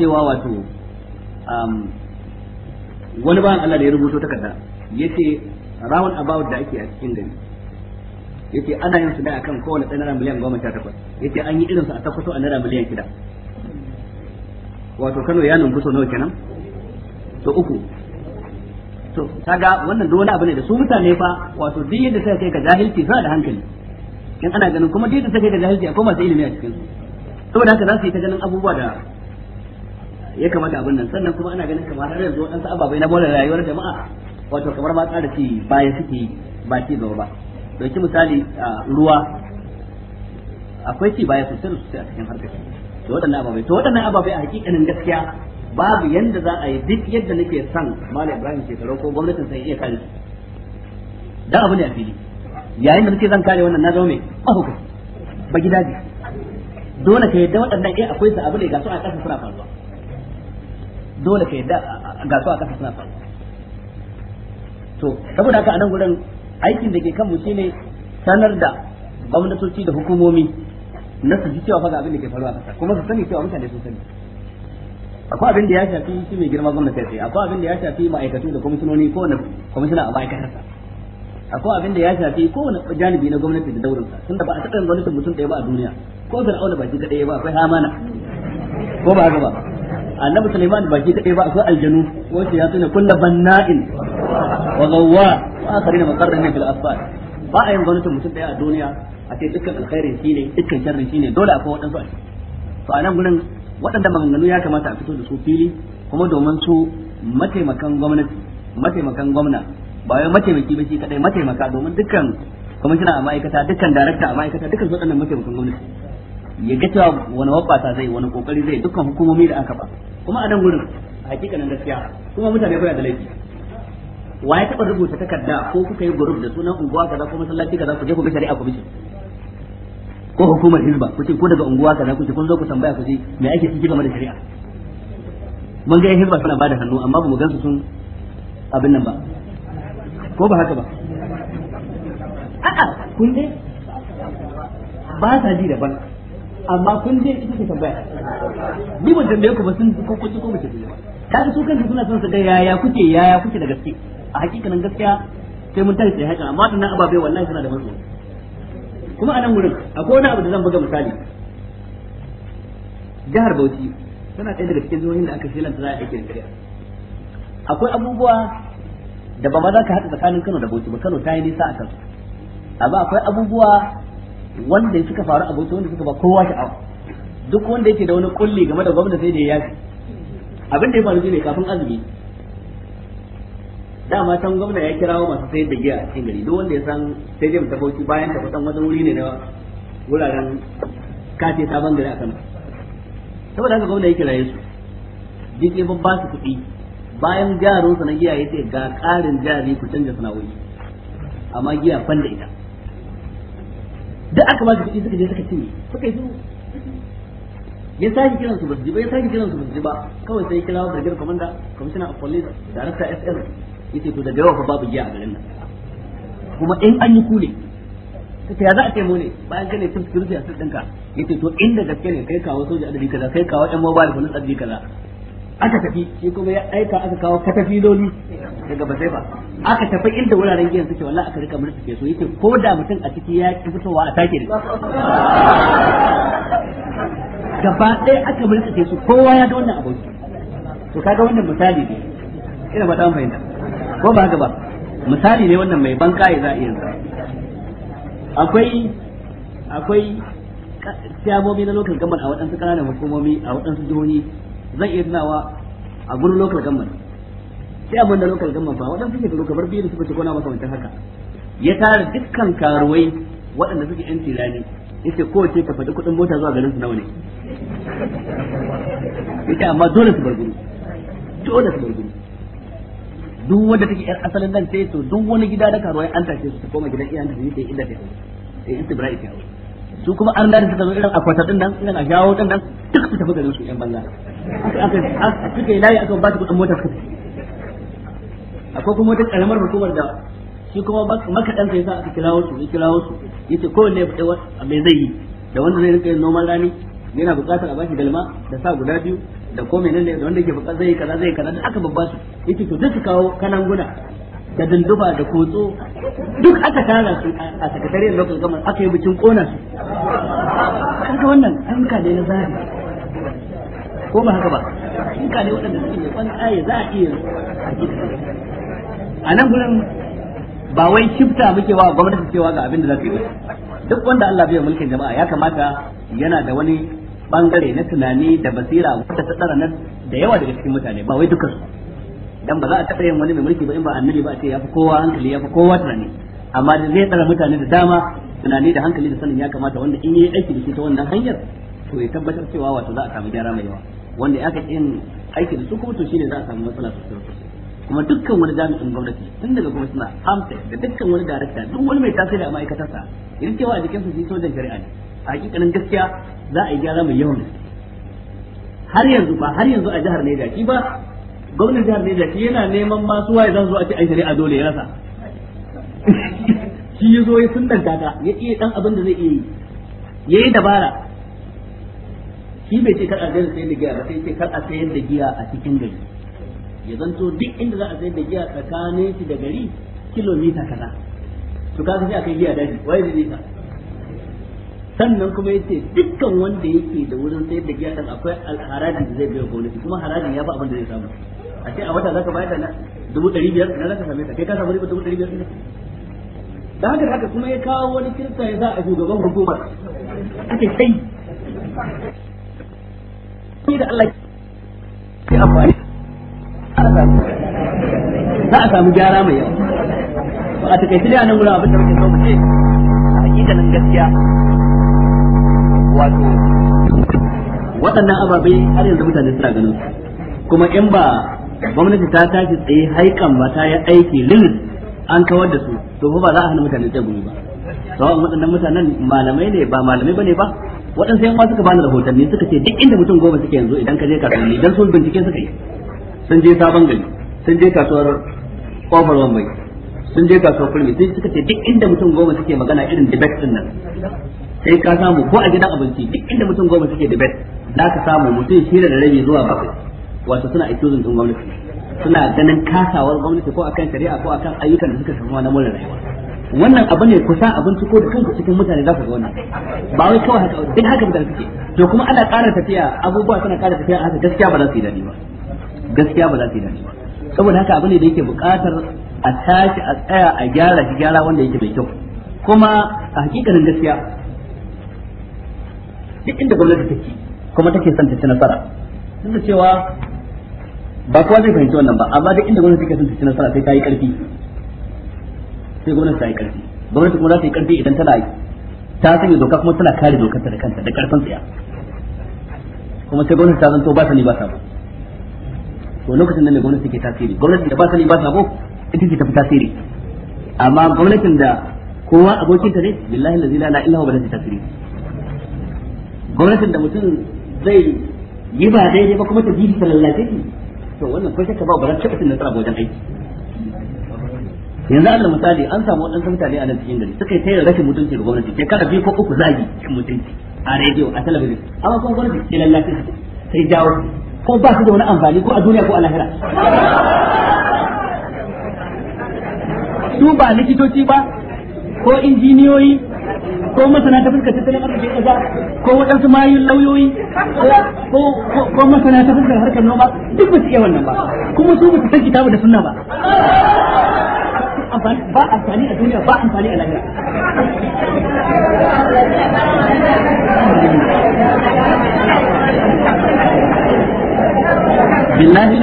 cewa wato um, wani bayan Allah da ya rubuto takarda yace rawan about da ake a cikin gari yace ana yin su ne akan kowane ɗan naira miliyan goma sha takwas yace an yi irin su a takwaso a naira miliyan shida wato Kano ya numfi so nawa kenan to uku to kaga wannan duk wani abu ne da su mutane fa wato duk yadda suka kai ga jahilci suna da hankali in ana ganin kuma duk yadda suka kai ga jahilci akwai masu ilimi a cikin su saboda haka za su yi ta ganin abubuwa da ya kamata abin nan sannan kuma ana ganin kamar har yanzu waɗansu ababai na bola rayuwar jama'a wato kamar ma tsara ci baya suke ba ci gaba ba dauki misali ruwa akwai ci baya sosai sosai a cikin harkar to waɗannan ababai to waɗannan ababai a hakikanin gaskiya babu yanda za a yi duk yadda nake son malam ibrahim ke tsaro ko gwamnatin sai iya kare dan abu ne a fili yayin da nake zan kare wannan na zama mai mahukum ba gidaje dole ka yadda waɗannan eh akwai su abu ne ga su a ƙasa suna faruwa dole ka yadda ga su a ƙasa suna faruwa to saboda haka a nan gurin aikin da ke kanmu ne sanar da gwamnatoci da hukumomi na su ji cewa fa abin da ke faruwa kasa kuma su sani cewa mutane sun sani akwai abin da ya shafi shi mai girma gwamnati sai akwai abin da ya shafi ma'aikatu da kwamishinoni ko wani kwamishina a ma'aikatarsa akwai abin da ya shafi wani janibi na gwamnati da daurinsa tunda ba a taɓa gwamnatin mutum ɗaya ba a duniya ko fir'auna auna baki kaɗai ba akwai hamana ko ba haka ba annabi suleiman ba shi kaɗai ba akwai aljanu wace ya tuna kulla banna'in wa gawwa wa akharina muqarranin fil asfal ba a yin gwamnatin mutum daya a duniya a ce dukkan alkhairin shine dukkan sharrin shine dole akwai waɗansu a to a nan gurin waɗanda maganganu ya kamata a fito da su fili kuma domin su mataimakan gwamnati mataimakan gwamna ba wai mataimaki ba shi kadai mataimaka domin dukkan kwamishina a ma'aikata dukkan darakta a ma'aikata dukkan waɗannan mataimakan gwamnati ya ga cewa wani wabbata zai wani kokari zai dukkan hukumomi da an ba kuma a nan gurin hakikanin gaskiya kuma mutane kuna da laifi wa ya taba rubuta takarda ko kuka yi group da sunan unguwa kaza ko masallaci kaza ku je ku bi shari'a ku bi ko hukumar hizba ku ce ko daga unguwa kaza ku ce kun zo ku tambaya ku ce me ake cikin game da shari'a mun ga hizba suna bada hannu amma ba mu gansu sun abin nan ba ko ba haka ba a'a kun dai ba sa ji daban amma kun dai ita ce tambaya ni ban tambaye ku ba sun ko ko ko ba ce ba kaga su kansu suna son su ga yaya kuke yaya kuke da gaske a hakikanin gaskiya sai mun tashi haka amma wadannan ababe wallahi suna da matsayi kuma a nan wurin akwai wani abu da zan buga misali jihar Bauchi tana ɗaya daga cikin jihohin da aka ta za a da kariya akwai abubuwa da ba ma za ka haɗa tsakanin Kano da Bauchi ba Kano ta yi nisa a kan amma akwai abubuwa wanda suka faru a Bauchi wanda suka ba kowa sha'awa duk wanda yake da wani kulli game da gwamnati sai da ya yafi abin da ya faru ne kafin azumi dama can gwamna ya kirawo masu sayar da giya a cikin gari duk wanda ya san sai dai mutafauci bayan ta kusan wani wuri ne na wuraren kace sabon gari a kan saboda haka gwamna ya kiraye su duk ya ba su kuɗi bayan jarin sa na giya ya ce ga ƙarin jari ku canja sana'o'i amma giya fan da ita duk aka ba su kuɗi suka je suka cinye suka yi su ya sake kiransu ba su ji ba ya sake kiransu ba su ji ba kawai sai kirawo brigadier commander commissioner of police director sl yace to daga yau fa babu giya a garin nan kuma in an yi kule kace ya za a ce ne bayan kane tun rufe a sirrinka yace to inda gaske ne kai kawo soja adadi kaza kai kawo yan mobile phone adadi kaza aka tafi shi kuma ya aika aka kawo katafi katafiloli daga basaifa aka tafi inda wuraren giyan suke wallahi aka rika murtsa ke so yace ko da mutum a ciki ya ki fitowa a take ne gaba ɗaya aka murtsa ke su kowa ya ga wannan abokin to kaga wannan misali ne ina ba ta fahimta ko ba haka ba misali ne wannan mai banka ya za a iya akwai akwai siyamomi na local government a waɗansu ƙananan hukumomi a waɗansu jihohi zan iya tunawa a gurin local government abin da local government ba waɗansu ke kamar biyu da suka ce kona maka wancan haka ya tara dukkan karuwai waɗanda suke yan tirani yace kowace ka faɗi kuɗin mota zuwa garin su nawa ne yace amma dole su bar gudu dole su bar gudu duk wanda take yar asalin nan sai to duk wani gida da karuwa an tace su ta koma gidan iyayen ta sai inda ta yi in istibra'i ta yi su kuma an da suka zo irin akwata din nan irin a jawo din nan duk su tafi garin su yan banza aka aka suka yi layi aka ba su kudin mota suka akwai kuma wata karamar hukumar da shi kuma makaɗan sai sa aka kirawo su ya kirawo su yace kowanne ya faɗi mai zai yi da wanda zai rika yin noman rani yana buƙatar a bashi galma da sa guda biyu da ko menene da wanda yake fuka zai kaza zai kaza da aka babba su yake to duk kawo kawo kananguna da dunduba da kotso duk aka tara su a sakatariyar lokacin gama aka yi bikin kona su kaga wannan ka ne na zahiri ko ba haka ba ka ne waɗanda suke da kwan tsaye za a iya a nan gurin ba wai shifta muke wa gwamnati cewa ga abin da za su yi duk wanda Allah bai mulkin jama'a ya kamata yana da wani bangare na tunani da basira wata ta tsara nan da yawa daga cikin mutane ba wai dukkan su dan ba za a taɓa yin wani mai mulki ba in ba annabi ba a ce ya fi kowa hankali ya fi kowa tunani amma da zai tsara mutane da dama tunani da hankali da sanin ya kamata wanda in yi aiki da shi ta wannan hanyar to ya tabbatar cewa wato za a samu gyara mai yawa wanda ya ka yin aiki da su kuma to shine za a samu matsala sosai kuma dukkan wani jami'in gwamnati tun daga kuma suna amsa da dukkan wani darakta duk wani mai tasiri a ma'aikatarsa idan cewa a jikinsa shi sojan shari'a ne a hakikanin gaskiya za a yi gyara mai yawan gaske har yanzu ba har yanzu a jihar Niger shi ba gwamnatin jihar Niger shi yana neman masu waye zan zo a ce ai shari'a dole ya rasa shi ya zo ya sundanta ta ya iya dan abin da zai iya yi ya yi dabara shi bai ce kar a daina sayar da giya ba sai ce kar a sayar da giya a cikin gari ya zanto duk inda za a sayar da giya tsakanin shi da gari kilomita kaza to kaga sai a kai giya daji waye zai ta sannan kuma yace dukkan wanda yake da wurin sai da giya akwai alharajin da zai biya gwamnati kuma haraji ya fi abin da zai samu a ce a wata zaka bayar da na dubu ɗari biyar na zaka same ta kai ka samu riba dubu ɗari biyar ne da haka haka kuma ya kawo wani kirta ya za a shugaban hukumar ake sai ni da Allah ke amfani za a samu gyara mai yawa ba a takaice dai a nan wurin abin da muke so mu ce a yi da nan gaskiya wato waɗannan ababai har yanzu mutane suna ganin su kuma in ba gwamnati ta tashi tsaye haikan ba ta yi aiki lilin an kawar da su to ba za a hana mutane gumi ba sawa'un waɗannan mutanen malamai ne ba malamai ba ne ba waɗansu yan suka bani rahotanni suka ce duk inda mutum goma suke yanzu idan ka je kasuwanni dan sun bincike suka yi sun je sabon gari sun je kasuwar kofar wambai sun je kasuwar kulmi sun suka ce duk inda mutum goma suke magana irin debate nan sai ka samu ko a gidan abinci duk inda mutum goma suke da bet za ka samu mutum shida da rabi zuwa bakwai wato suna accusing din gwamnati suna ganin kasawar gwamnati ko akan shari'a ko akan ayyukan da suka shafi na mulkin rayuwa wannan abu ne kusa abinci ko da kanka cikin mutane za ku ga wannan ba wai kawai haka duk haka mutane suke to kuma ana ƙara tafiya abubuwa suna ƙara tafiya haka gaskiya ba za su yi dadi ba gaskiya ba za su yi dadi ba saboda haka abu ne da yake buƙatar a tashi a tsaya a gyara shi gyara wanda yake mai kyau kuma a hakikanin gaskiya duk inda gwamnati take kuma take son ta ci nasara duk da cewa ba kowa zai fahimci wannan ba amma duk inda gwamnati take son ta ci nasara sai ta yi karfi sai gwamnati ta yi karfi gwamnati kuma za ta yi karfi idan tana ta sanya doka kuma tana kare dokar ta da kanta da karfin tsaya kuma sai gwamnati ta zanto ba ta ne ba sabo to lokacin da ne gwamnati take tasiri gwamnati da ba ta ne ba sabo ita ce tafi tasiri amma gwamnatin da kowa abokin ta ne billahi la ilaha illa huwa ba ta tasiri gwamnatin da mutum zai yi ba daidai ba kuma ta bi ta lallace to wannan ko shakka ba ba za ta cin nasara wajen aiki yanzu Allah misali an samu waɗansu mutane a nan cikin gari suka yi tayar rashin mutunci da gwamnati ke kada biyu ko uku zagi cikin mutunci a rediyo a talabijin amma kuma gwamnati ke lallace sai jawo ko ba su da wani amfani ko a duniya ko a lahira su ba likitoci ba ko injiniyoyi ko masana ta fuskar tattalin arziki ƙasa ko waɗansu mayun lauyoyi ko ko masana ta fuskar harkar noma duk ba su iya wannan ba kuma su ba su san kitabu da sunna ba ba amfani a duniya ba amfani a lahira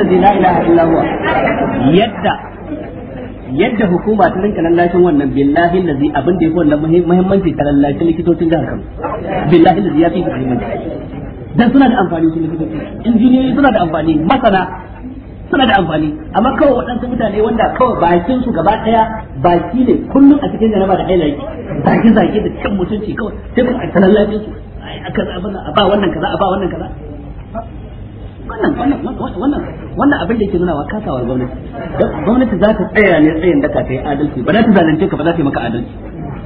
billahi la ilaha illa huwa yadda yadda hukuma ta rinka lallashin wannan billahi lazi abin da ya fi wannan muhimmanci ta lallashi likitocin jihar Kano billahi lazi ya fi muhimmanci dan suna da amfani su likitoci injiniyoyi suna da amfani masana suna da amfani amma kawai waɗansu mutane wanda kawai bakin su gaba ɗaya baki ne kullum a cikin jaraba da ailaki zaki zaki da cin mutunci kawai sai kuma a talallashin su a ba wannan kaza a ba wannan kaza wannan wannan wannan wannan abin da ke nuna wa kasawar gwamnati gwamnati za ta tsaya ne tsayin da ka ta yi adalci ba za ta zalunce ka ba za ta yi maka adalci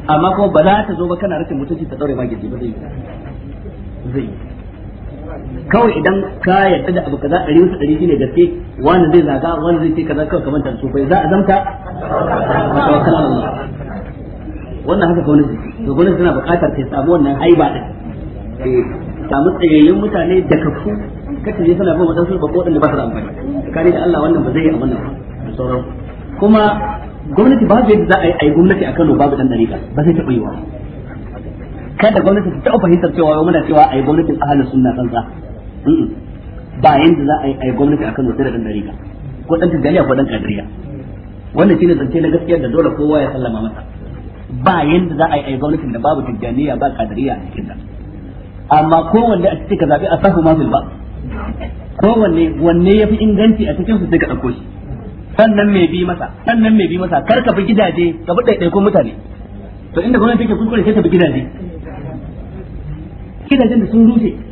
amma kuma ba za ta zo ba kana rashin mutunci ta daure ma ba zai zai kawai idan ka yarda da abu kaza ɗari wasu ɗari shine gaske wani zai zaga wani zai ce kaza kawai kamar tantu bai za a zamta tawakkal Allah wannan haka gwamnati to gwamnati tana buƙatar ta samu wannan haiba din eh, samu tsayayyun mutane da kafu kace je kana bin wadansu ba ko da ba su da amfani kare da Allah wannan ba zai yi abin nan da sauran kuma gwamnati babu yadda za a yi ai gwamnati a Kano babu dan dariƙa ba zai taɓa yi yiwa kada gwamnati ta taɓa fahimtar cewa muna cewa ai gwamnatin ahlus sunna kansa ba yanda za a yi ai gwamnati a Kano sai da dan dariƙa ko dan tijjaniya ko dan kadiriya wannan shine zance na gaskiya da dole kowa ya sallama masa ba yanda za a yi ai gwamnatin da babu tijjaniya ba kadiriya a cikin ta amma kowanne a cikin ka zabi a sahu ma ba ko wanne wanne yafi inganci a cikin su sai ka dauko shi sannan mai bi masa sannan mai bi masa kar ka bi gidaje ka bi ko mutane to inda gwamnati take kuskure sai ta bi gidaje gidajen da sun rufe